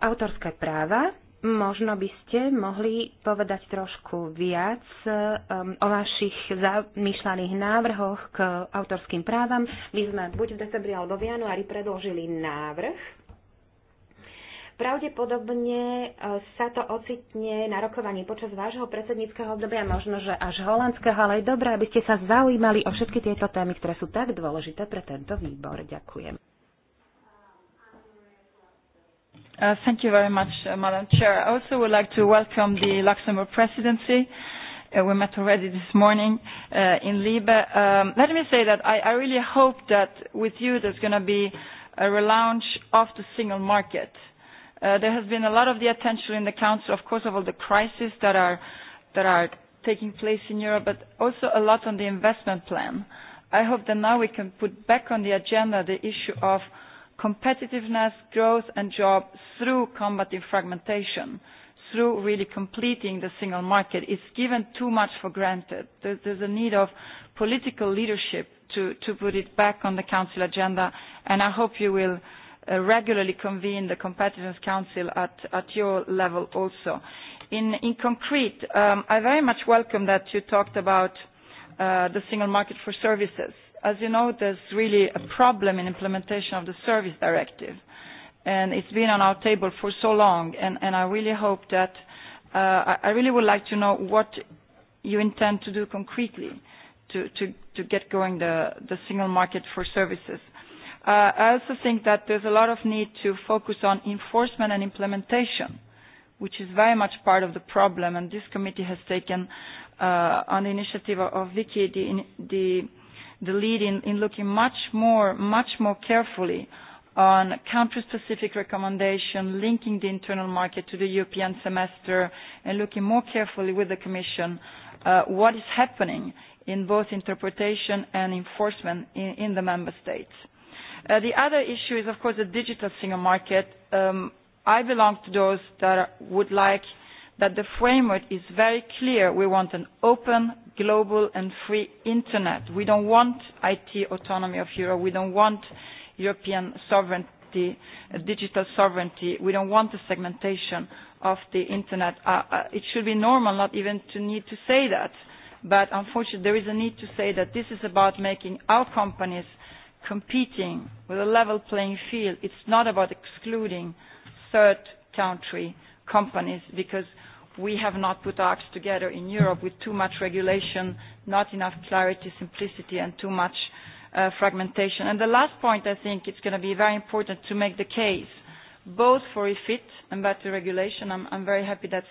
autorské práva. Možno by ste mohli povedať trošku viac um, o vašich zamýšľaných návrhoch k autorským právam. My sme buď v decembri alebo v januári predložili návrh. Pravdepodobne uh, sa to ocitne na rokovaní počas vášho predsedníckého obdobia, možno že až holandského, ale je dobré, aby ste sa zaujímali o všetky tieto témy, ktoré sú tak dôležité pre tento výbor. Ďakujem. Uh, thank you very much, uh, Madam Chair. I also would like to welcome the Luxembourg presidency. Uh, we met already this morning uh, in Libe. Um, let me say that I, I really hope that with you there's going to be a relaunch of the single market. Uh, there has been a lot of the attention in the Council, of course, of all the crises that are, that are taking place in Europe, but also a lot on the investment plan. I hope that now we can put back on the agenda the issue of – competitiveness, growth and job through combating fragmentation, through really completing the single market is given too much for granted. There's, there's a need of political leadership to, to put it back on the Council agenda, and I hope you will uh, regularly convene the Competitiveness Council at, at your level also. In, in concrete, um, I very much welcome that you talked about uh, the single market for services as you know, there's really a problem in implementation of the service directive. And it's been on our table for so long, and, and I really hope that uh, I, I really would like to know what you intend to do concretely to, to, to get going the, the single market for services. Uh, I also think that there's a lot of need to focus on enforcement and implementation, which is very much part of the problem, and this committee has taken uh, on the initiative of, of Vicky the, the the lead in, in looking much more, much more carefully on country-specific recommendation, linking the internal market to the European semester, and looking more carefully with the Commission uh, what is happening in both interpretation and enforcement in, in the member states. Uh, the other issue is, of course, the digital single market. Um, I belong to those that would like that the framework is very clear. We want an open global and free internet. We don't want IT autonomy of Europe. We don't want European sovereignty, uh, digital sovereignty. We don't want the segmentation of the internet. Uh, uh, it should be normal not even to need to say that. But unfortunately, there is a need to say that this is about making our companies competing with a level playing field. It's not about excluding third country companies because we have not put acts together in Europe with too much regulation, not enough clarity, simplicity, and too much uh, fragmentation. And the last point, I think it's going to be very important to make the case, both for EFIT and better regulation. I'm, I'm very happy that's,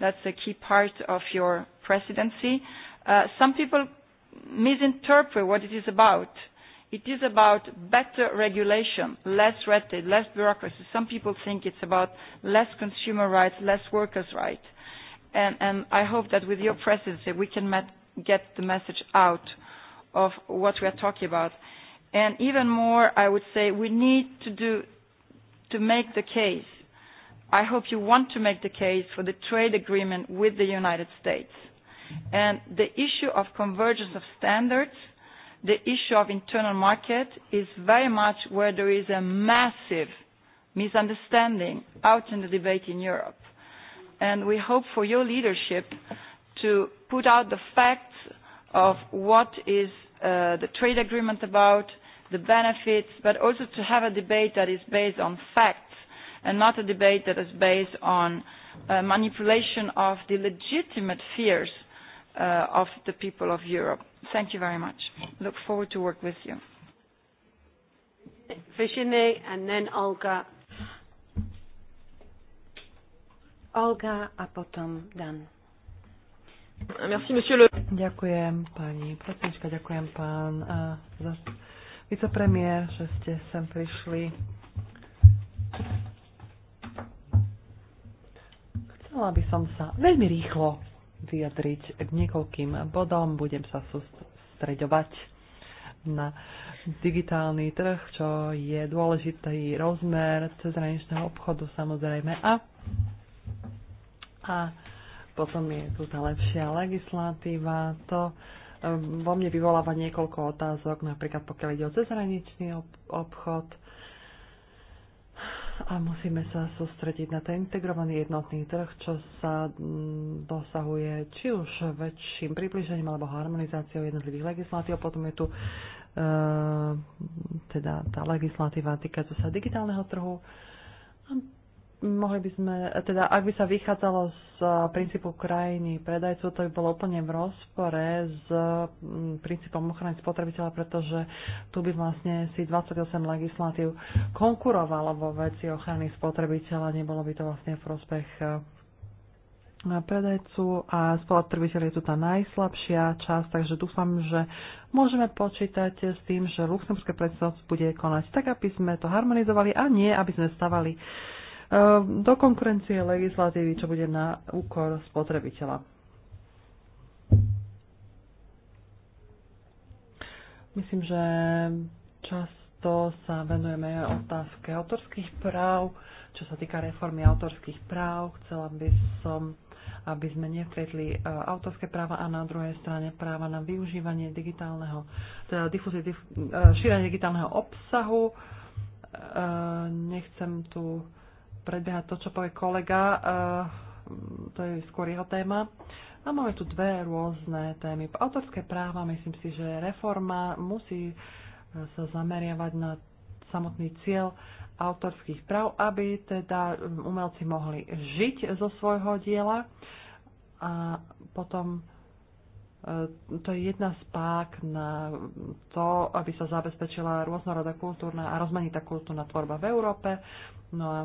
that's a key part of your presidency. Uh, some people misinterpret what it is about. Uh, it is about better regulation, less red tape, less bureaucracy. Some people think it's about less consumer rights, less workers' rights. And, and I hope that with your presidency we can met, get the message out of what we are talking about. And even more, I would say we need to do to make the case. I hope you want to make the case for the trade agreement with the United States. And the issue of convergence of standards – the issue of internal market is very much where there is a massive misunderstanding out in the debate in Europe. And we hope for your leadership to put out the facts of what is uh, the trade agreement about, the benefits, but also to have a debate that is based on facts and not a debate that is based on uh, manipulation of the legitimate fears uh, of the people of Europe Thank you very much. Look forward to work with you. Virginie and then Olga. Olga a potom Dan. Merci, monsieur le... Ďakujem, pani predsednička, ďakujem, pán uh, za vicepremiér, že ste sem prišli. Chcela by som sa veľmi rýchlo vyjadriť k niekoľkým bodom. Budem sa sústreďovať na digitálny trh, čo je dôležitý rozmer cezhraničného obchodu samozrejme a, a potom je tu tá lepšia legislatíva. To ehm, vo mne vyvoláva niekoľko otázok, napríklad pokiaľ ide o cezhraničný obchod, a musíme sa sústrediť na ten integrovaný jednotný trh, čo sa mm, dosahuje či už väčším približením alebo harmonizáciou jednotlivých legislatív. Potom je tu e, teda tá legislatíva týkajúca sa digitálneho trhu. A mohli by sme, teda ak by sa vychádzalo z eh, princípu krajiny predajcu, to by bolo úplne v rozpore s mm, princípom ochrany spotrebiteľa, pretože tu by vlastne si 28 legislatív konkurovalo vo veci ochrany spotrebiteľa, nebolo by to vlastne v prospech eh, predajcu a spotrebiteľ je tu tá najslabšia časť, takže dúfam, že môžeme počítať s tým, že luxemburské predstavstvo bude konať tak, aby sme to harmonizovali a nie, aby sme stavali Ehm, do konkurencie legislatívy, čo bude na úkor spotrebiteľa. Myslím, že často sa venujeme otázke autorských práv. Čo sa týka reformy autorských práv, chcela by som, aby sme nevtretli e, autorské práva a na druhej strane práva na využívanie digitálneho, teda difuzie, e, šírenie digitálneho obsahu. E, nechcem tu predbiehať to, čo povie kolega. Eh, to je skôr jeho téma. A máme tu dve rôzne témy. Autorské práva, myslím si, že reforma musí eh, sa zameriavať na samotný cieľ autorských práv, aby teda eh, umelci mohli žiť zo svojho diela. A potom to je jedna z pák na to, aby sa zabezpečila rôznorodá kultúrna a rozmanitá kultúrna tvorba v Európe. No a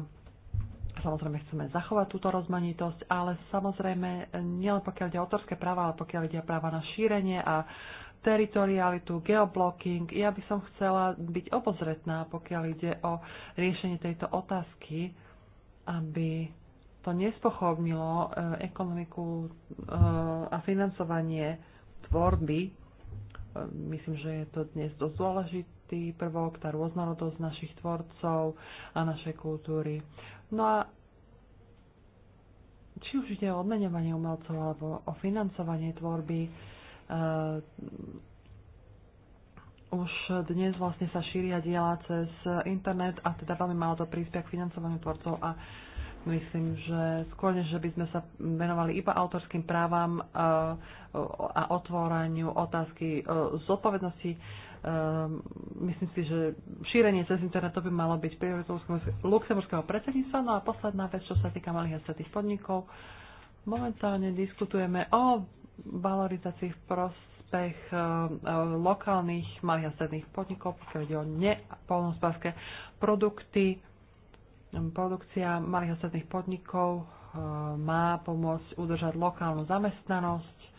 Samozrejme chceme zachovať túto rozmanitosť, ale samozrejme nielen pokiaľ ide autorské práva, ale pokiaľ ide práva na šírenie a teritorialitu, geoblocking. Ja by som chcela byť obozretná, pokiaľ ide o riešenie tejto otázky, aby to nespochopnilo e, ekonomiku e, a financovanie tvorby. E, myslím, že je to dnes dosť dôležitý prvok, tá rôznorodosť našich tvorcov a našej kultúry. No a či už ide o odmenovanie umelcov alebo o financovanie tvorby, e, už dnes vlastne sa šíria diela cez internet a teda veľmi málo to príspia k financovaniu tvorcov a myslím, že skôr než by sme sa venovali iba autorským právam e, a otvoraniu otázky e, zodpovednosti, Ehm, myslím si, že šírenie cez internet to by malo byť prioritou luxemburského predsedníctva. No a posledná vec, čo sa týka malých a stredných podnikov. Momentálne diskutujeme o valorizácii v prospech ehm, lokálnych malých a stredných podnikov, pokiaľ ide o nepolnospodárske produkty. Produkcia malých a stredných podnikov ehm, má pomôcť udržať lokálnu zamestnanosť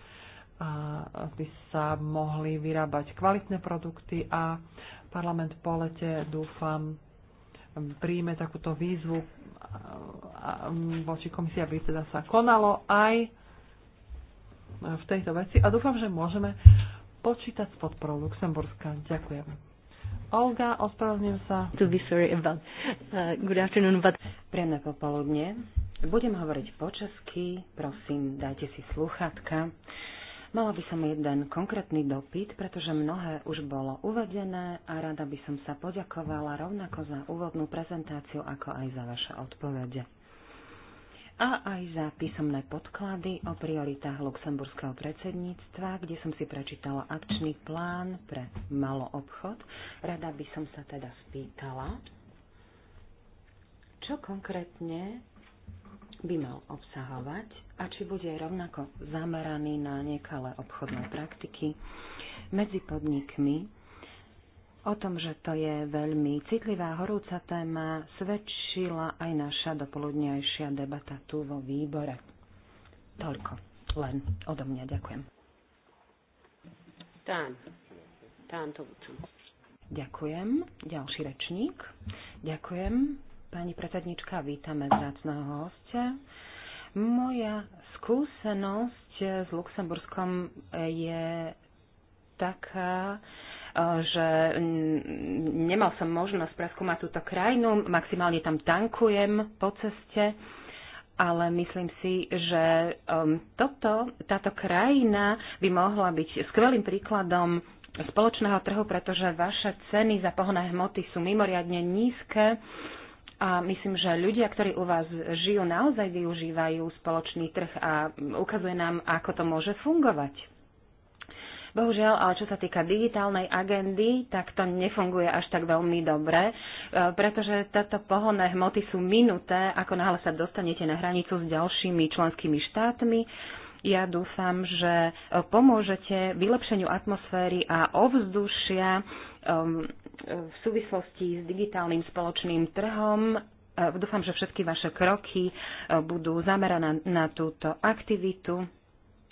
aby sa mohli vyrábať kvalitné produkty a parlament po lete, dúfam, príjme takúto výzvu voči komisii, aby teda sa konalo aj v tejto veci a dúfam, že môžeme počítať s podporou Luxemburska. Ďakujem. Olga, ospravedlňujem sa. To be sorry about. Uh, good afternoon, but... Príjemné popoludne. Budem hovoriť po česky, prosím, dajte si sluchátka. Uh, Mala by som jeden konkrétny dopyt, pretože mnohé už bolo uvedené a rada by som sa poďakovala rovnako za úvodnú prezentáciu, ako aj za vaše odpovede. A aj za písomné podklady o prioritách luxemburského predsedníctva, kde som si prečítala akčný plán pre maloobchod. Rada by som sa teda spýtala, čo konkrétne by mal obsahovať a či bude rovnako zameraný na nekalé obchodné praktiky medzi podnikmi. O tom, že to je veľmi citlivá, horúca téma, svedčila aj naša dopoludňajšia debata tu vo výbore. Toľko len odo mňa. Ďakujem. Tán. Tán to Ďakujem. Ďalší rečník. Ďakujem. Pani predsednička, vítame vzácného hostia. Moja skúsenosť s Luxemburskom je taká, že nemal som možnosť preskúmať túto krajinu, maximálne tam tankujem po ceste, ale myslím si, že um, toto, táto krajina by mohla byť skvelým príkladom spoločného trhu, pretože vaše ceny za pohonné hmoty sú mimoriadne nízke a myslím, že ľudia, ktorí u vás žijú, naozaj využívajú spoločný trh a ukazuje nám, ako to môže fungovať. Bohužiaľ, ale čo sa týka digitálnej agendy, tak to nefunguje až tak veľmi dobre, e, pretože táto pohonné hmoty sú minuté, ako náhle sa dostanete na hranicu s ďalšími členskými štátmi. Ja dúfam, že e, pomôžete vylepšeniu atmosféry a ovzdušia e, v súvislosti s digitálnym spoločným trhom e, dúfam, že všetky vaše kroky e, budú zamerané na túto aktivitu.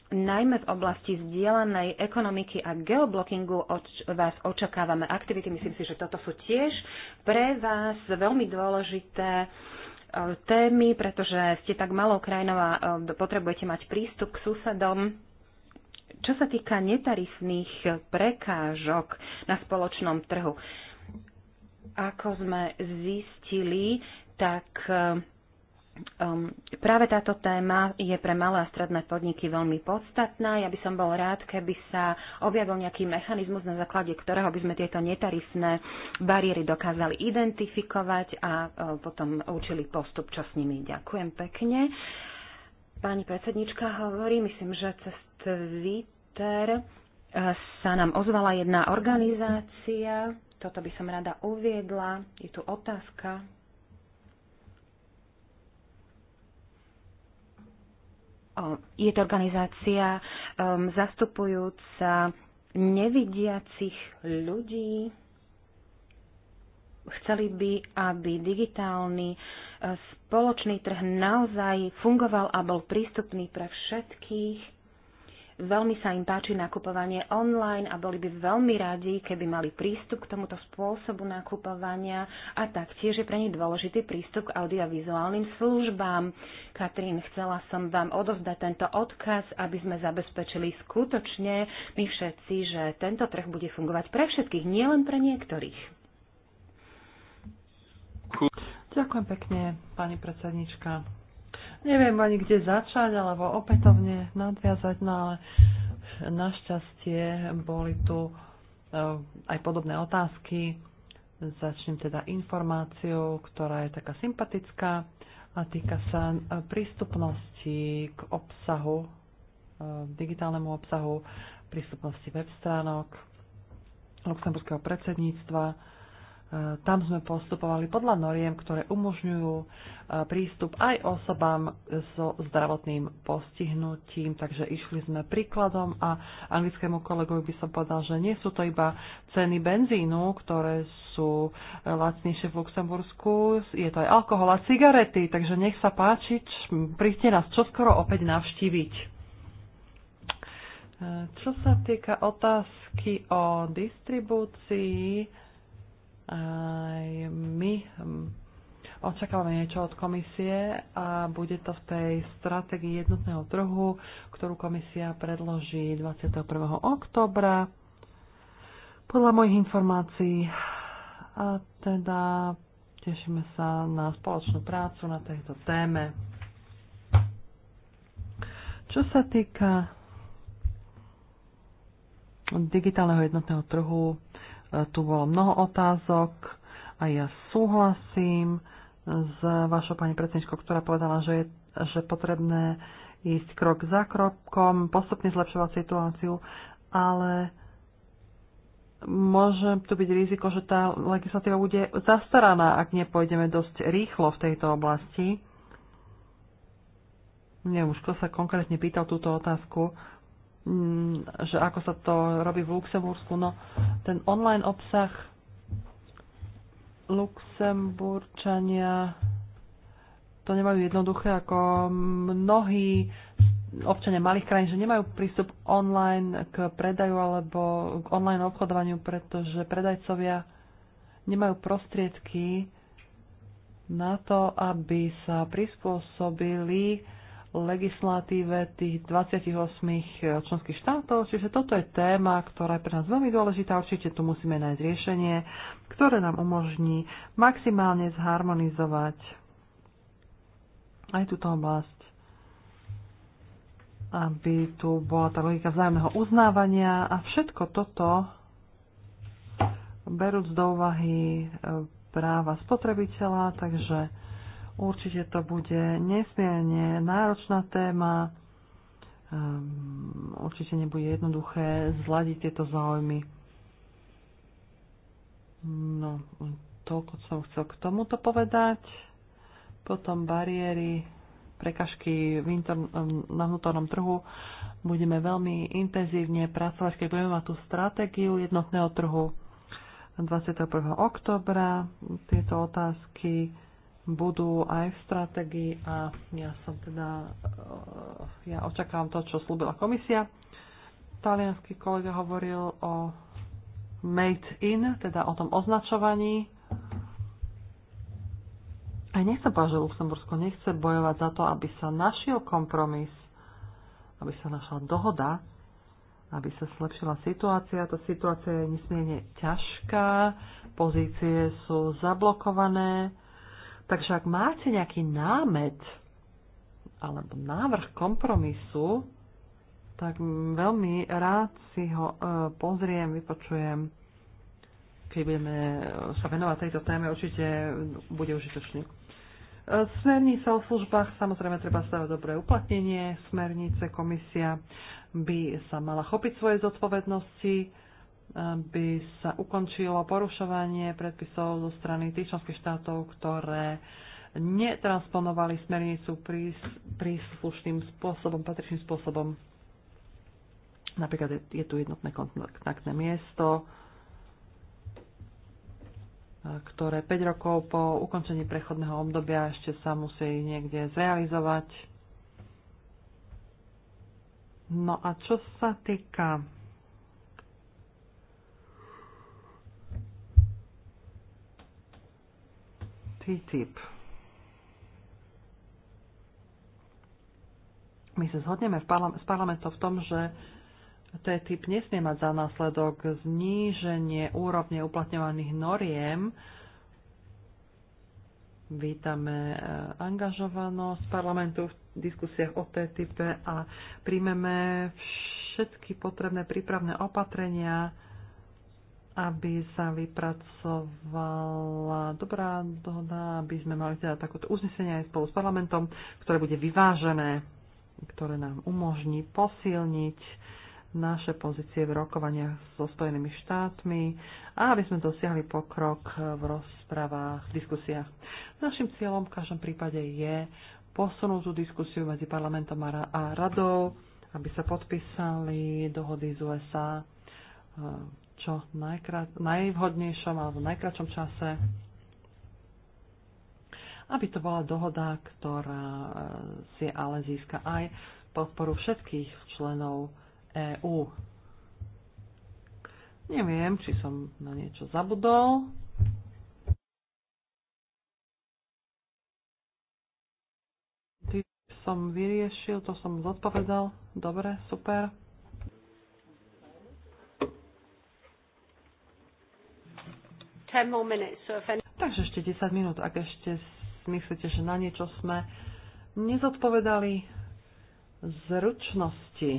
Najmä v oblasti zdieľanej ekonomiky a geoblockingu od vás očakávame aktivity. Myslím si, že toto sú tiež pre vás veľmi dôležité e, témy, pretože ste tak malou krajinou a potrebujete mať prístup k susedom čo sa týka netarifných prekážok na spoločnom trhu, ako sme zistili, tak um, práve táto téma je pre malé a stredné podniky veľmi podstatná. Ja by som bol rád, keby sa objavil nejaký mechanizmus, na základe ktorého by sme tieto netarifné bariéry dokázali identifikovať a uh, potom učili postup, čo s nimi. Ďakujem pekne. Uh, Pani predsednička hovorí, myslím, že cez Twitter e, sa nám ozvala jedna organizácia. Toto by som rada uviedla. Je tu otázka. Je to organizácia e, zastupujúca nevidiacich ľudí, chceli by, aby digitálny e, spoločný trh naozaj fungoval a bol prístupný pre všetkých. Veľmi sa im páči nakupovanie online a boli by veľmi radi, keby mali prístup k tomuto spôsobu nakupovania a taktiež je pre nich dôležitý prístup k audiovizuálnym službám. Katrín, chcela som vám odovzdať tento odkaz, aby sme zabezpečili skutočne my všetci, že tento trh bude fungovať pre všetkých, nielen pre niektorých. Ďakujem pekne, pani predsednička. Neviem ani kde začať, alebo opätovne nadviazať, no ale našťastie boli tu e, aj podobné otázky. Začnem teda informáciou, ktorá je taká sympatická a týka sa e, prístupnosti k obsahu, e, digitálnemu obsahu, prístupnosti web stránok, luxemburského predsedníctva Eh, tam sme postupovali podľa noriem, ktoré umožňujú eh, prístup aj osobám so zdravotným postihnutím, takže išli sme príkladom a anglickému kolegovi by som povedal, že nie sú to iba ceny benzínu, ktoré sú eh, lacnejšie v Luxembursku, je to aj alkohol a cigarety, takže nech sa páči, príďte nás čoskoro opäť navštíviť. Čo sa týka otázky o distribúcii, aj my hm, očakávame niečo od komisie a bude to v tej stratégii jednotného trhu, ktorú komisia predloží 21. oktobra. Podľa mojich informácií a teda tešíme sa na spoločnú prácu na tejto téme. Čo sa týka digitálneho jednotného trhu, tu bolo mnoho otázok a ja súhlasím s vašou pani predsedničkou, ktorá povedala, že je že potrebné ísť krok za krokom, postupne zlepšovať situáciu, ale môže tu byť riziko, že tá legislatíva bude zastaraná, ak nepôjdeme dosť rýchlo v tejto oblasti. Neviem už, kto sa konkrétne pýtal túto otázku, Mm, že ako sa to robí v Luxembursku. No, ten online obsah Luxemburčania to nemajú jednoduché ako mnohí občania malých krajín, že nemajú prístup online k predaju alebo k online obchodovaniu, pretože predajcovia nemajú prostriedky na to, aby sa prispôsobili legislatíve tých 28 eh, členských štátov. Čiže toto je téma, ktorá je pre nás veľmi dôležitá. Určite tu musíme nájsť riešenie, ktoré nám umožní maximálne zharmonizovať aj túto oblasť, aby tu bola tá logika vzájomného uznávania a všetko toto berúc do úvahy eh, práva spotrebiteľa, takže Určite to bude nesmierne náročná téma. Ehm, určite nebude jednoduché zladiť tieto záujmy. No, toľko som chcel k tomuto povedať. Potom bariéry, prekažky v inter- ehm, na vnútornom trhu. Budeme veľmi intenzívne pracovať, keď budeme mať tú stratégiu jednotného trhu 21. oktobra. Tieto otázky budú aj v stratégii a ja som teda, e, ja očakávam to, čo slúbila komisia. Talianský kolega hovoril o made in, teda o tom označovaní. A nechcem povedať, že Luxembursko nechce bojovať za to, aby sa našiel kompromis, aby sa našla dohoda, aby sa zlepšila situácia. Tá situácia je nesmierne ťažká, pozície sú zablokované, Takže ak máte nejaký námet alebo návrh kompromisu, tak veľmi rád si ho e, pozriem, vypočujem. Keď budeme e, sa venovať tejto téme, určite bude užitočný. E, smernice o službách, samozrejme treba stavať dobré uplatnenie. Smernice komisia by sa mala chopiť svoje zodpovednosti by sa ukončilo porušovanie predpisov zo strany tých členských štátov, ktoré netransponovali smernicu príslušným spôsobom, patričným spôsobom. Napríklad je tu jednotné kontaktné miesto, ktoré 5 rokov po ukončení prechodného obdobia ešte sa musí niekde zrealizovať. No a čo sa týka TTIP. My sa zhodneme v s parlamentom v tom, že TTIP nesmie mať za následok zníženie úrovne uplatňovaných noriem. Vítame e, angažovanosť parlamentu v diskusiách o TTIP a príjmeme všetky potrebné prípravné opatrenia, aby sa vypracovala dobrá dohoda, aby sme mali teda takéto uznesenie aj spolu s parlamentom, ktoré bude vyvážené, ktoré nám umožní posilniť naše pozície v rokovaniach so Spojenými štátmi a aby sme dosiahli pokrok v rozprávach, v diskusiách. Našim cieľom v každom prípade je posunúť tú diskusiu medzi parlamentom a radou, aby sa podpísali dohody z USA čo najvhodnejšom alebo najkračom čase, aby to bola dohoda, ktorá eh, si ale získa aj podporu všetkých členov EÚ. Neviem, či som na niečo zabudol. Ty som vyriešil, to som zodpovedal. Dobre, super. Takže ešte 10 minút, ak ešte myslíte, že na niečo sme nezodpovedali zručnosti.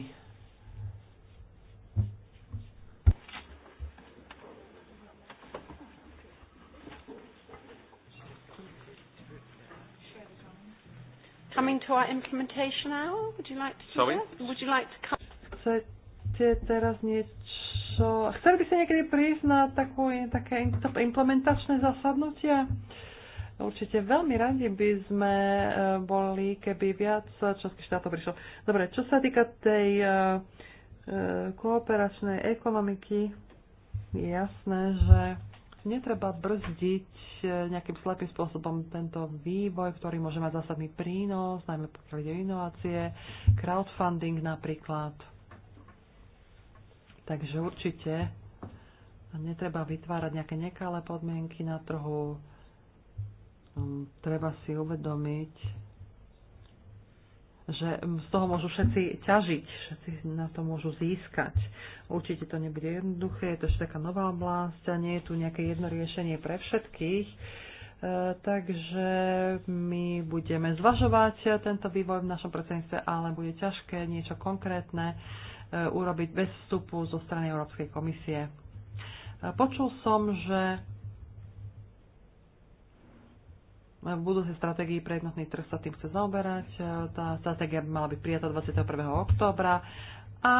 Coming to our implementation now, would you like to do Chcete teraz niečo čo... Chceli by ste niekedy prísť na takú, také implementačné zasadnutia? Určite veľmi radi by sme e, boli, keby viac členských štátov prišlo. Dobre, čo sa týka tej e, e, kooperačnej ekonomiky, je jasné, že netreba brzdiť nejakým slepým spôsobom tento vývoj, ktorý môže mať zásadný prínos, najmä pokiaľ ide inovácie, crowdfunding napríklad. Takže určite netreba vytvárať nejaké nekalé podmienky na trhu. Mm, treba si uvedomiť, že z toho môžu všetci ťažiť, všetci na to môžu získať. Určite to nebude jednoduché, je to ešte taká nová oblasť a nie je tu nejaké jedno riešenie pre všetkých. E, takže my budeme zvažovať tento vývoj v našom predsedníctve, ale bude ťažké niečo konkrétne Eh, urobiť bez vstupu zo strany Európskej komisie. Eh, počul som, že v budúcej stratégii pre jednotný trh sa tým chce zaoberať. Eh, tá stratégia by mala byť prijatá 21. októbra a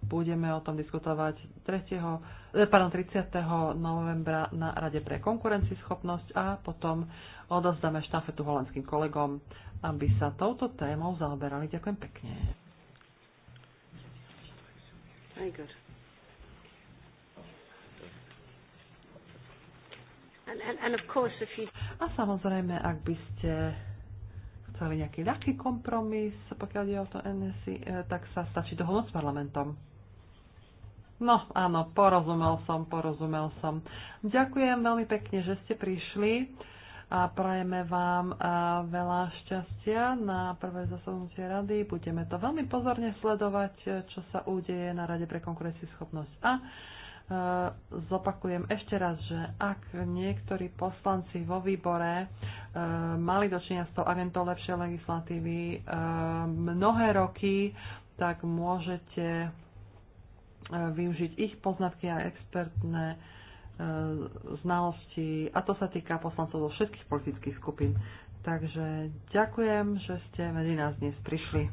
budeme o tom diskutovať 3. Pardon, 30. novembra na Rade pre konkurencieschopnosť a potom odozdáme štafetu holandským kolegom, aby sa touto témou zaoberali. Ďakujem pekne. Very good. And, and, and of course, if you... A samozrejme, ak by ste chceli nejaký ľahký kompromis, pokiaľ je o to NSI, e, tak sa stačí dohodnúť s parlamentom. No áno, porozumel som, porozumel som. Ďakujem veľmi pekne, že ste prišli a prajeme vám eh, veľa šťastia na prvé zasadnutie rady. Budeme to veľmi pozorne sledovať, eh, čo sa udeje na Rade pre konkurencieschopnosť. A eh, zopakujem ešte raz, že ak niektorí poslanci vo výbore mali dočinia s tou agentou lepšej legislatívy mnohé roky, tak môžete využiť ich poznatky a expertné E, znalosti, a to sa týka poslancov zo všetkých politických skupín. Takže ďakujem, že ste medzi nás dnes prišli.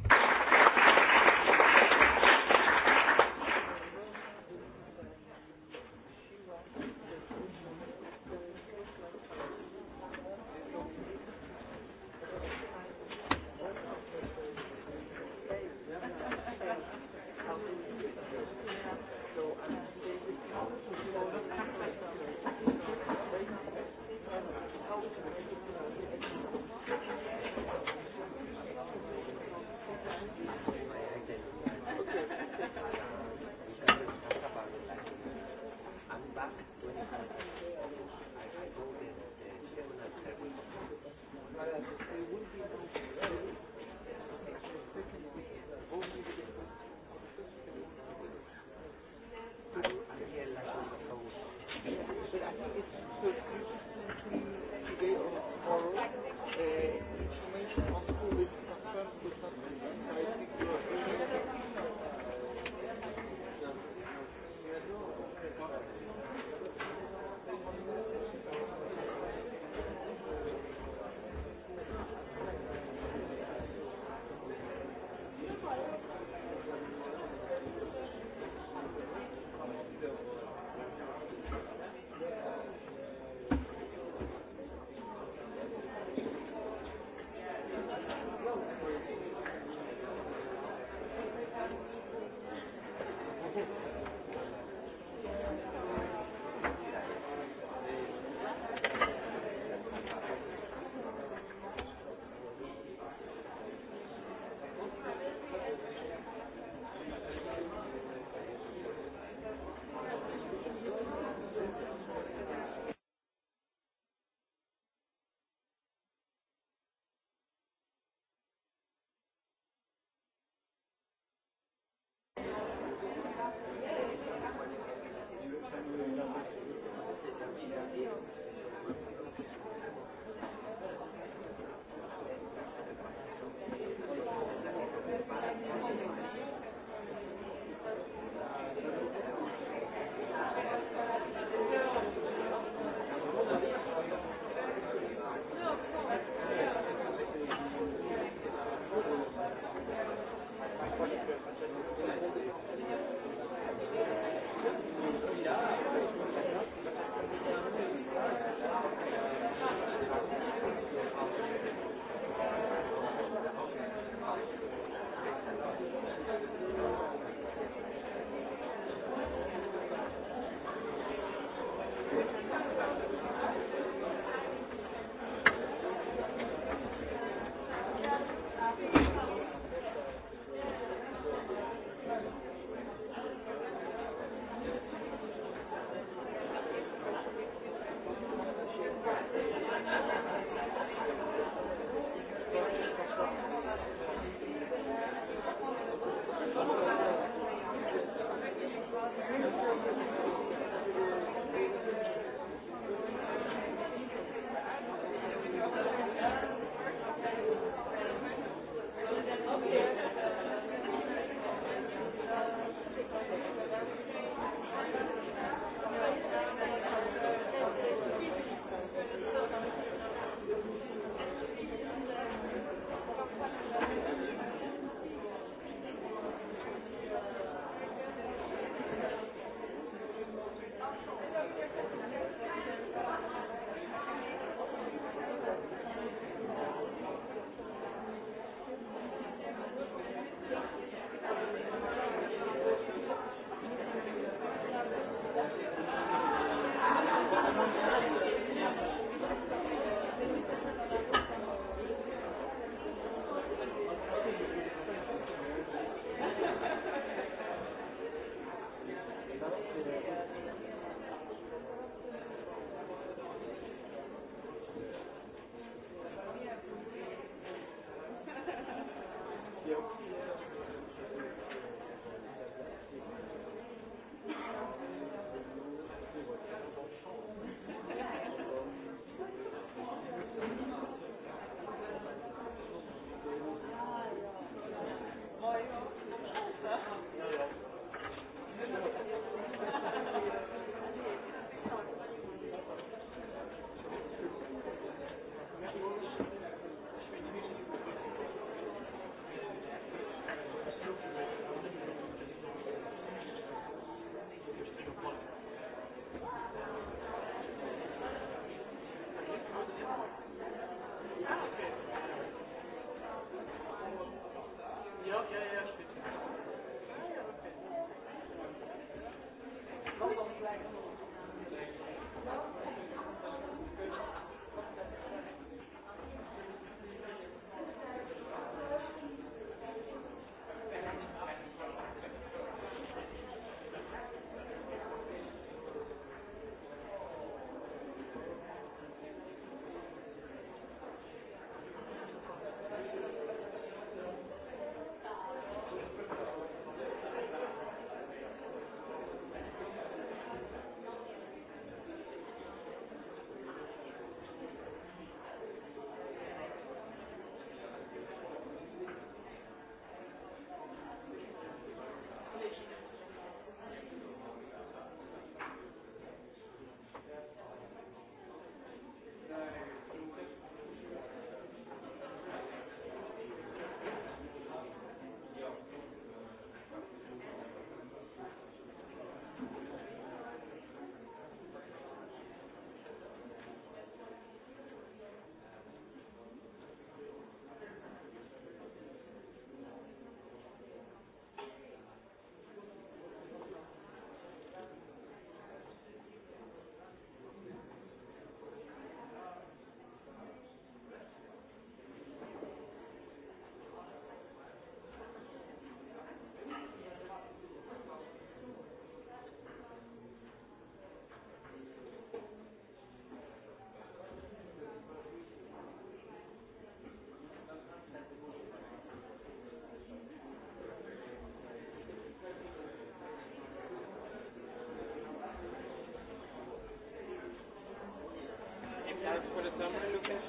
for the summer, Lucas?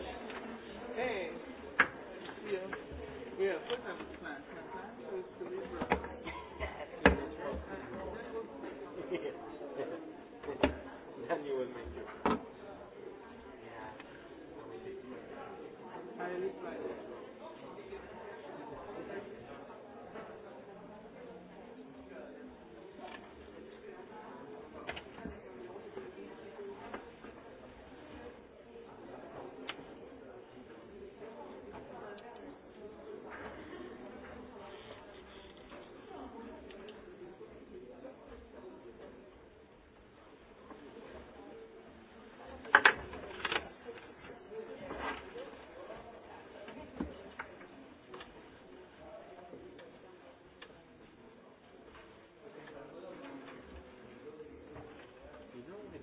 Hey.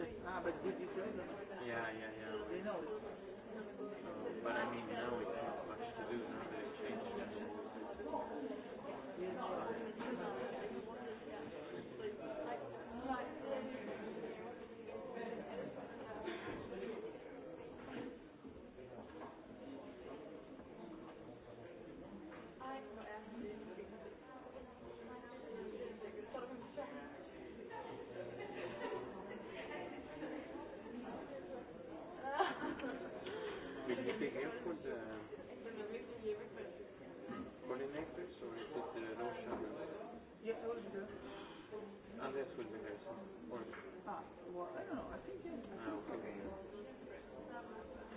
Ah, but did you tell them? Yeah, yeah, yeah. They know. But I mean, now don't have much to do now that it changed. Yeah. already did the notion. Yeah, it already did. Andreas will be here soon. Or... Ah, well, I don't know. I think yes. Yeah, ah, okay. okay.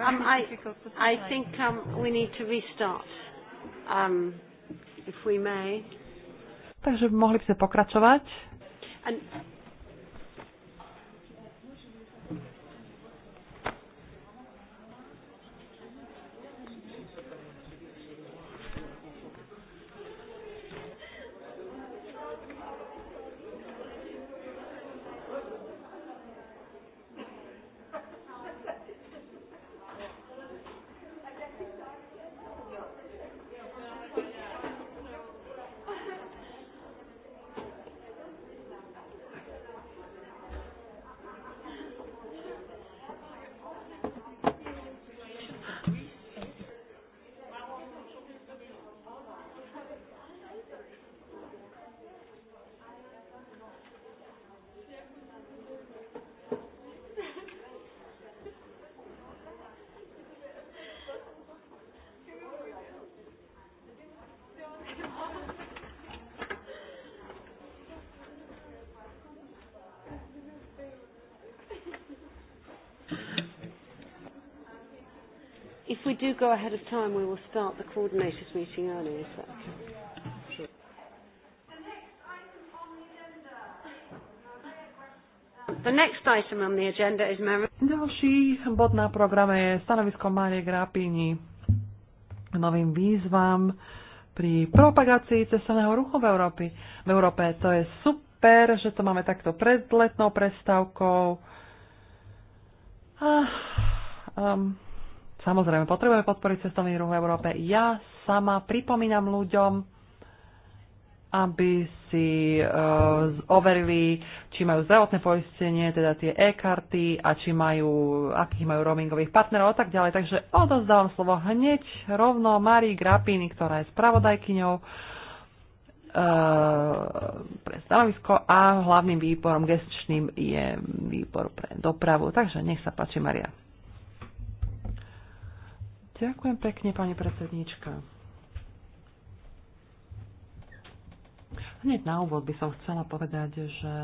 Um, I, I think um, we need to restart, um, if we may. Takže mohli by sme pokračovať. And If we do go ahead of time, we will start the coordinators meeting early. Is that okay? The next item on the agenda is Ďalší bod na programe je stanovisko Márie Grápini novým výzvam pri propagácii cestovného ruchu v Európe. V Európe to je super, že to máme takto pred letnou prestávkou. Ah, um, Samozrejme, potrebujeme podporiť cestovný ruch v Európe. Ja sama pripomínam ľuďom, aby si uh, overili, či majú zdravotné poistenie, teda tie e-karty a či majú, akých majú roamingových partnerov a tak ďalej. Takže odozdávam slovo hneď rovno Marii Grapini, ktorá je spravodajkyňou uh, pre stanovisko a hlavným výborom gestčným je výbor pre dopravu. Takže nech sa páči, Maria. Ďakujem pekne, pani predsednička. Hneď na úvod by som chcela povedať, že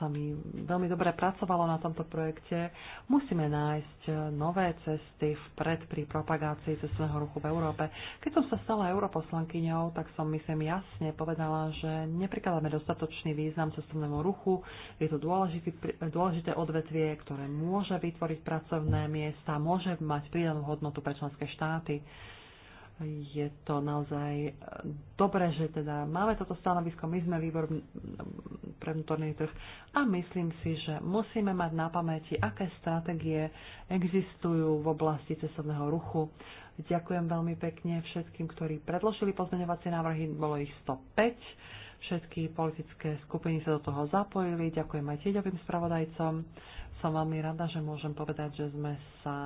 sa mi veľmi dobre pracovalo na tomto projekte. Musíme nájsť e, nové cesty vpred pri propagácii cestného ruchu v Európe. Keď som sa stala europoslankyňou, tak som myslím jasne povedala, že neprikladáme dostatočný význam cestovnému ruchu. Je to dôležitý, dôležité odvetvie, ktoré môže vytvoriť pracovné miesta, môže mať pridanú hodnotu pre členské štáty je to naozaj e, dobré, že teda máme toto stanovisko, my sme výbor pre vnútorný trh a myslím si, že musíme mať na pamäti, aké stratégie existujú v oblasti cestovného ruchu. Ďakujem veľmi pekne všetkým, ktorí predložili pozmeňovacie návrhy, bolo ich 105. Všetky politické skupiny sa do toho zapojili. Ďakujem aj tieďovým spravodajcom. Som veľmi rada, že môžem povedať, že sme sa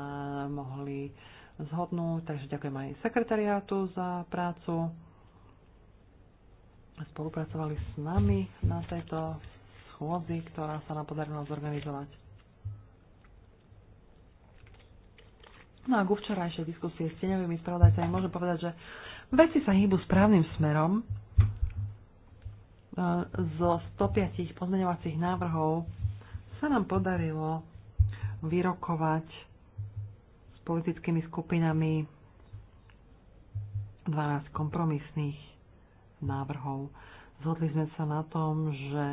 mohli zhodnú, takže ďakujem aj sekretariátu za prácu. Spolupracovali s nami na tejto schôdzi, ktorá sa nám podarila zorganizovať. No a k včerajšej diskusie s teňovými spravodajcami môžem povedať, že veci sa hýbu správnym smerom. E, zo 105 pozmeňovacích návrhov sa nám podarilo vyrokovať politickými skupinami 12 kompromisných návrhov. Zhodli sme sa na tom, že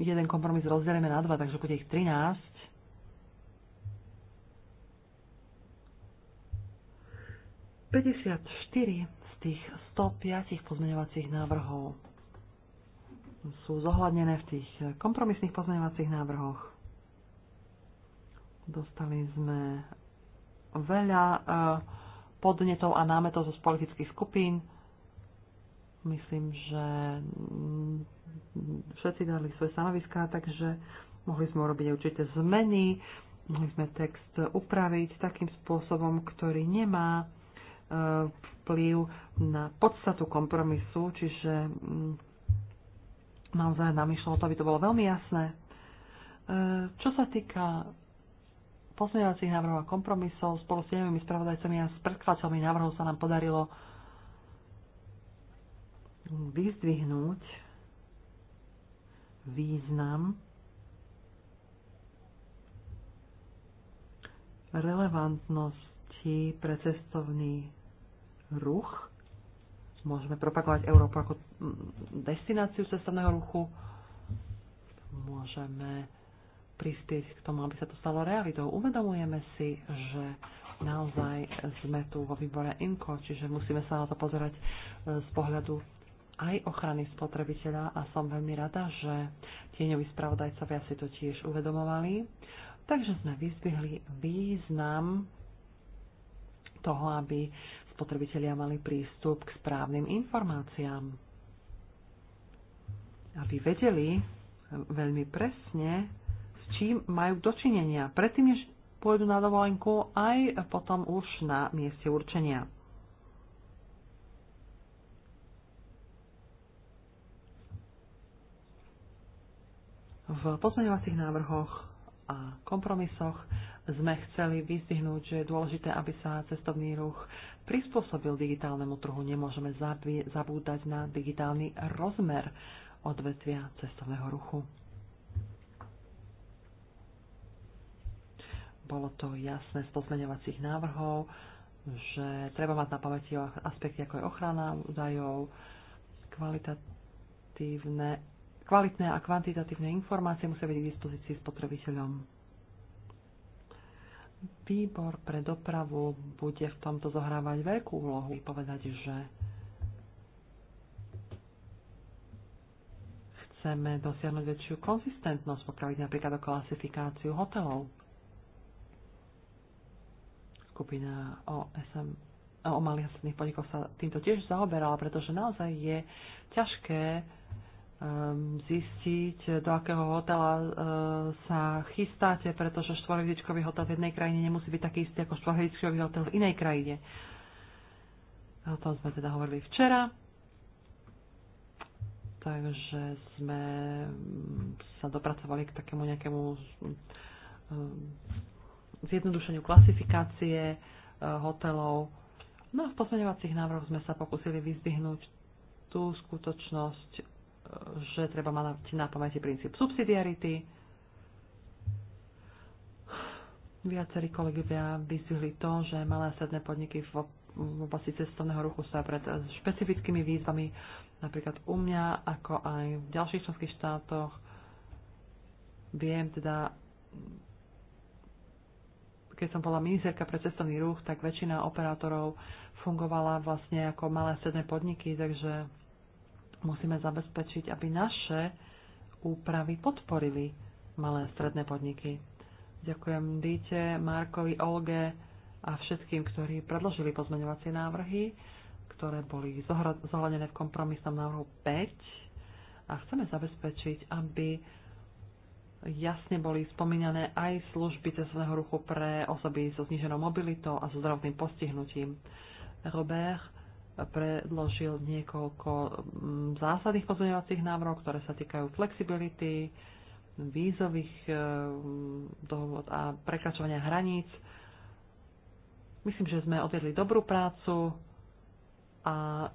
jeden kompromis rozdelíme na dva, takže bude ich 13. z tých 105 pozmeňovacích návrhov sú zohľadnené v tých kompromisných pozmeňovacích návrhoch. Dostali sme veľa eh, podnetov a námetov zo politických skupín. Myslím, že mm, všetci dali svoje stanoviská, takže mohli sme urobiť určité zmeny, mohli sme text upraviť takým spôsobom, ktorý nemá eh, vplyv na podstatu kompromisu, čiže mm, naozaj nám išlo o to, aby to bolo veľmi jasné. Eh, čo sa týka pozmeňovacích návrhov a kompromisov spolu s tými spravodajcami a s predkladateľmi návrhov sa nám podarilo vyzdvihnúť význam relevantnosti pre cestovný ruch. Môžeme propagovať Európu ako mm, destináciu cestovného ruchu. Môžeme prispieť k tomu, aby sa to stalo realitou. Uvedomujeme si, že naozaj sme tu vo výbore INCO, čiže musíme sa na to pozerať e, z pohľadu aj ochrany spotrebiteľa a som veľmi rada, že tieňoví spravodajcovia si to tiež uvedomovali. Takže sme vyzdvihli význam toho, aby spotrebitelia mali prístup k správnym informáciám. Aby vedeli veľmi presne, čím majú dočinenia predtým, než pôjdu na dovolenku, aj potom už na mieste určenia. V pozmeňovacích návrhoch a kompromisoch sme chceli vyzdihnúť, že je dôležité, aby sa cestovný ruch prispôsobil digitálnemu trhu. Nemôžeme zabúdať na digitálny rozmer odvetvia cestovného ruchu. bolo to jasné z pozmeňovacích návrhov, že treba mať na pamäti aspekty ako je ochrana údajov, kvalitatívne, kvalitné a kvantitatívne informácie musia byť k dispozícii spotrebiteľom. Výbor pre dopravu bude v tomto zohrávať veľkú úlohu. Povedať, že chceme dosiahnuť väčšiu konzistentnosť, pokiaľ ide napríklad o klasifikáciu hotelov skupina SM, o malých a stredných podnikov sa týmto tiež zaoberala, pretože naozaj je ťažké um, zistiť, do akého hotela uh, sa chystáte, pretože štvorhviezdičkový hotel v jednej krajine nemusí byť taký istý ako štvorhviezdičkový hotel v inej krajine. O tom sme teda hovorili včera. Takže sme sa dopracovali k takému nejakému um, zjednodušeniu klasifikácie e, hotelov. No a v pozmeňovacích návrhoch sme sa pokúsili vyzdvihnúť tú skutočnosť, e, že treba mať na pamäti princíp subsidiarity. Viacerí kolegovia vyzdvihli to, že malé a stredné podniky v oblasti cestovného ruchu sa pred špecifickými výzvami, napríklad u mňa, ako aj v ďalších členských štátoch. Viem teda keď som bola ministerka pre cestovný ruch, tak väčšina operátorov fungovala vlastne ako malé stredné podniky, takže musíme zabezpečiť, aby naše úpravy podporili malé stredné podniky. Ďakujem Dite, Markovi, Olge a všetkým, ktorí predložili pozmeňovacie návrhy, ktoré boli zohľadené v kompromisnom návrhu 5 a chceme zabezpečiť, aby jasne boli spomínané aj služby cestného ruchu pre osoby so zníženou mobilitou a so zdravotným postihnutím. Robert predložil niekoľko mm, zásadných pozorňovacích návrhov, ktoré sa týkajú flexibility, vízových e, dohod a prekračovania hraníc. Myslím, že sme odvedli dobrú prácu a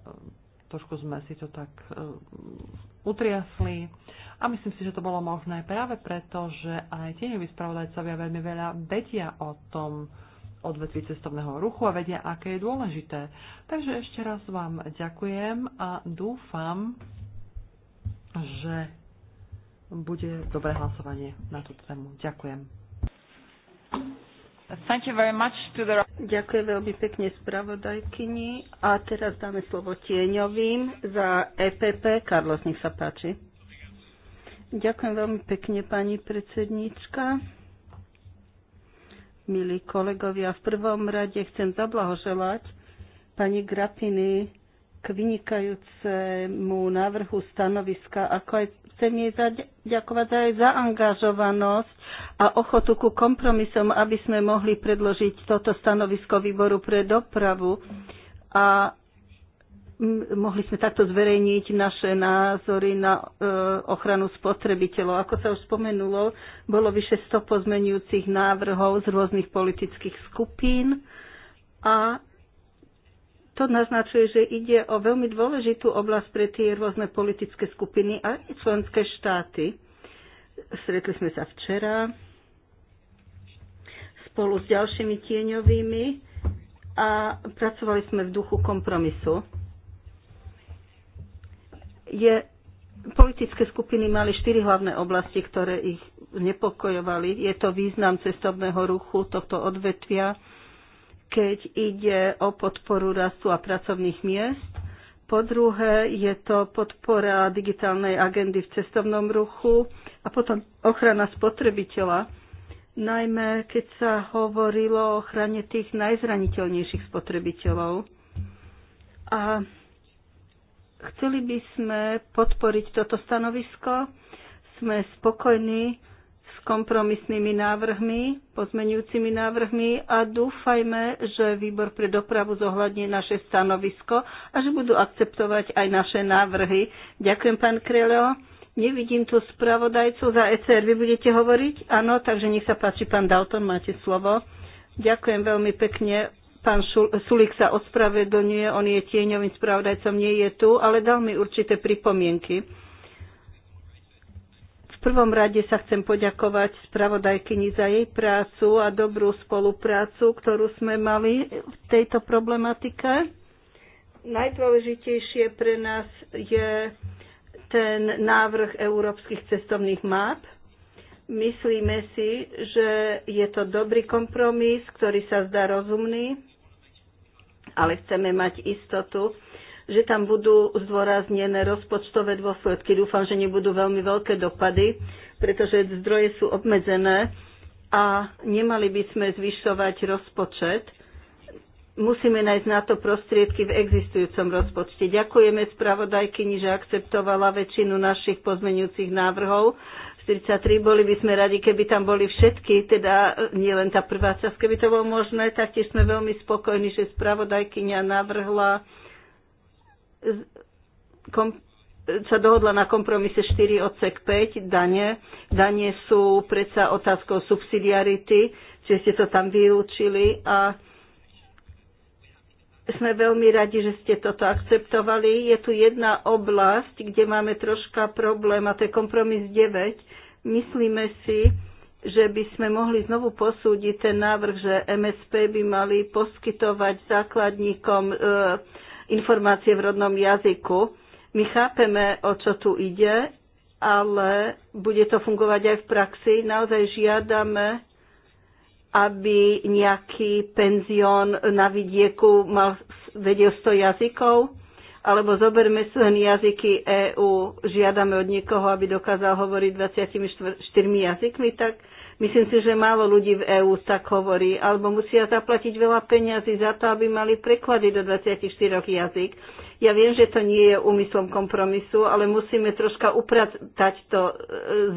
trošku sme si to tak uh, utriasli. A myslím si, že to bolo možné práve preto, že aj tieňoví spravodajcovia veľmi veľa vedia o tom odvetví cestovného ruchu a vedia, aké je dôležité. Takže ešte raz vám ďakujem a dúfam, že bude dobré hlasovanie na tú tému. Ďakujem. Thank you very much to the... Ďakujem veľmi pekne spravodajkyni a teraz dáme slovo tieňovým za EPP. Carlos, nech sa páči. Ďakujem veľmi pekne, pani predsednička. Milí kolegovia, v prvom rade chcem zablahoželať pani Grapiny k vynikajúcemu návrhu stanoviska, ako aj chcem jej ďakovať aj za angažovanosť a ochotu ku kompromisom, aby sme mohli predložiť toto stanovisko výboru pre dopravu a mohli sme takto zverejniť naše názory na e, ochranu spotrebiteľov. Ako sa už spomenulo, bolo vyše 100 pozmenujúcich návrhov z rôznych politických skupín a to naznačuje, že ide o veľmi dôležitú oblasť pre tie rôzne politické skupiny a členské štáty. Stretli sme sa včera spolu s ďalšími tieňovými a pracovali sme v duchu kompromisu. Je, politické skupiny mali štyri hlavné oblasti, ktoré ich znepokojovali. Je to význam cestovného ruchu tohto odvetvia, keď ide o podporu rastu a pracovných miest. Po druhé je to podpora digitálnej agendy v cestovnom ruchu a potom ochrana spotrebiteľa, najmä keď sa hovorilo o ochrane tých najzraniteľnejších spotrebiteľov. A chceli by sme podporiť toto stanovisko. Sme spokojní kompromisnými návrhmi, pozmenujúcimi návrhmi a dúfajme, že výbor pre dopravu zohľadní naše stanovisko a že budú akceptovať aj naše návrhy. Ďakujem, pán Kreleo. Nevidím tu spravodajcu za ECR. Vy budete hovoriť? Áno, takže nech sa páči, pán Dalton, máte slovo. Ďakujem veľmi pekne pán Šul Sulik sa ospravedlňuje, on je tieňovým spravodajcom, nie je tu, ale dal mi určité pripomienky prvom rade sa chcem poďakovať spravodajkyni za jej prácu a dobrú spoluprácu, ktorú sme mali v tejto problematike. Najdôležitejšie pre nás je ten návrh európskych cestovných map. Myslíme si, že je to dobrý kompromis, ktorý sa zdá rozumný, ale chceme mať istotu, že tam budú zdôraznené rozpočtové dôsledky. Dúfam, že nebudú veľmi veľké dopady, pretože zdroje sú obmedzené a nemali by sme zvyšovať rozpočet. Musíme nájsť na to prostriedky v existujúcom rozpočte. Ďakujeme spravodajkyni, že akceptovala väčšinu našich pozmenujúcich návrhov. 43 boli by sme radi, keby tam boli všetky, teda nie len tá prvá časť, keby to bolo možné, taktiež sme veľmi spokojní, že spravodajkyňa navrhla kom, sa dohodla na kompromise 4 odsek 5, dane. Dane sú predsa otázkou subsidiarity, čiže ste to tam vylúčili a sme veľmi radi, že ste toto akceptovali. Je tu jedna oblasť, kde máme troška problém a to je kompromis 9. Myslíme si, že by sme mohli znovu posúdiť ten návrh, že MSP by mali poskytovať základníkom e, informácie v rodnom jazyku. My chápeme, o čo tu ide, ale bude to fungovať aj v praxi. Naozaj žiadame, aby nejaký penzión na vidieku mal, vedel 100 jazykov, alebo zoberme si len jazyky EÚ, žiadame od niekoho, aby dokázal hovoriť 24 jazykmi, tak Myslím si, že málo ľudí v EÚ tak hovorí, alebo musia zaplatiť veľa peňazí za to, aby mali preklady do 24 jazyk. Ja viem, že to nie je úmyslom kompromisu, ale musíme troška upratať to e,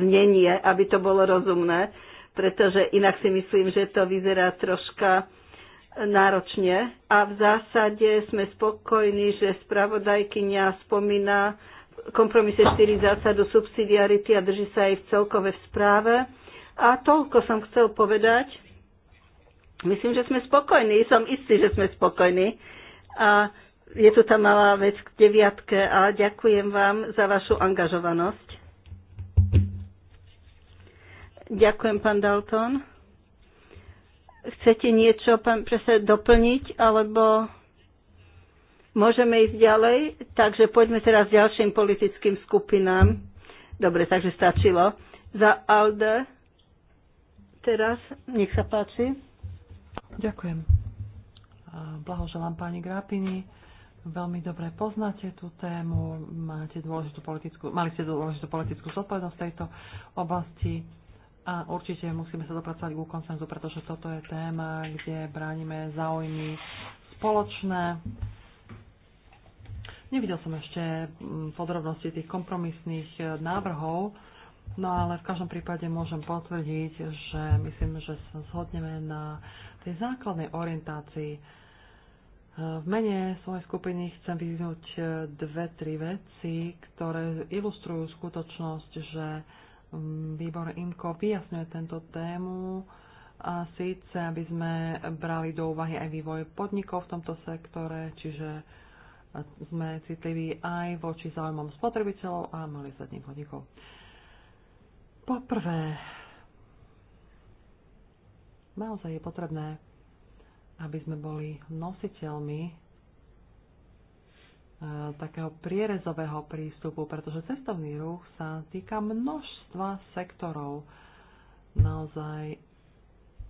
znenie, aby to bolo rozumné, pretože inak si myslím, že to vyzerá troška náročne a v zásade sme spokojní, že spravodajkynia spomína kompromise 4 zásadu subsidiarity a drží sa aj v celkové správe. A toľko som chcel povedať. Myslím, že sme spokojní. Som istý, že sme spokojní. A je tu tá malá vec k deviatke a ďakujem vám za vašu angažovanosť. Ďakujem, pán Dalton. Chcete niečo, pán prese, doplniť, alebo môžeme ísť ďalej? Takže poďme teraz ďalším politickým skupinám. Dobre, takže stačilo. Za ALDE teraz. Nech sa páči. Ďakujem. Blahoželám pani Grápini. Veľmi dobre poznáte tú tému, máte dôležitú politickú, mali ste dôležitú politickú zodpovednosť v tejto oblasti a určite musíme sa dopracovať ku konsenzu, pretože toto je téma, kde bránime záujmy spoločné. Nevidel som ešte mm, podrobnosti tých kompromisných e, návrhov, No ale v každom prípade môžem potvrdiť, že myslím, že sa zhodneme na tej základnej orientácii. E, v mene svojej skupiny chcem vyvinúť e, dve, tri veci, ktoré ilustrujú skutočnosť, že mm, výbor IMKO vyjasňuje tento tému a síce, aby sme brali do úvahy aj vývoj podnikov v tomto sektore, čiže e, sme citliví aj voči záujmom spotrebiteľov a malých zadných podnikov. Poprvé, naozaj je potrebné, aby sme boli nositeľmi e, takého prierezového prístupu, pretože cestovný ruch sa týka množstva sektorov naozaj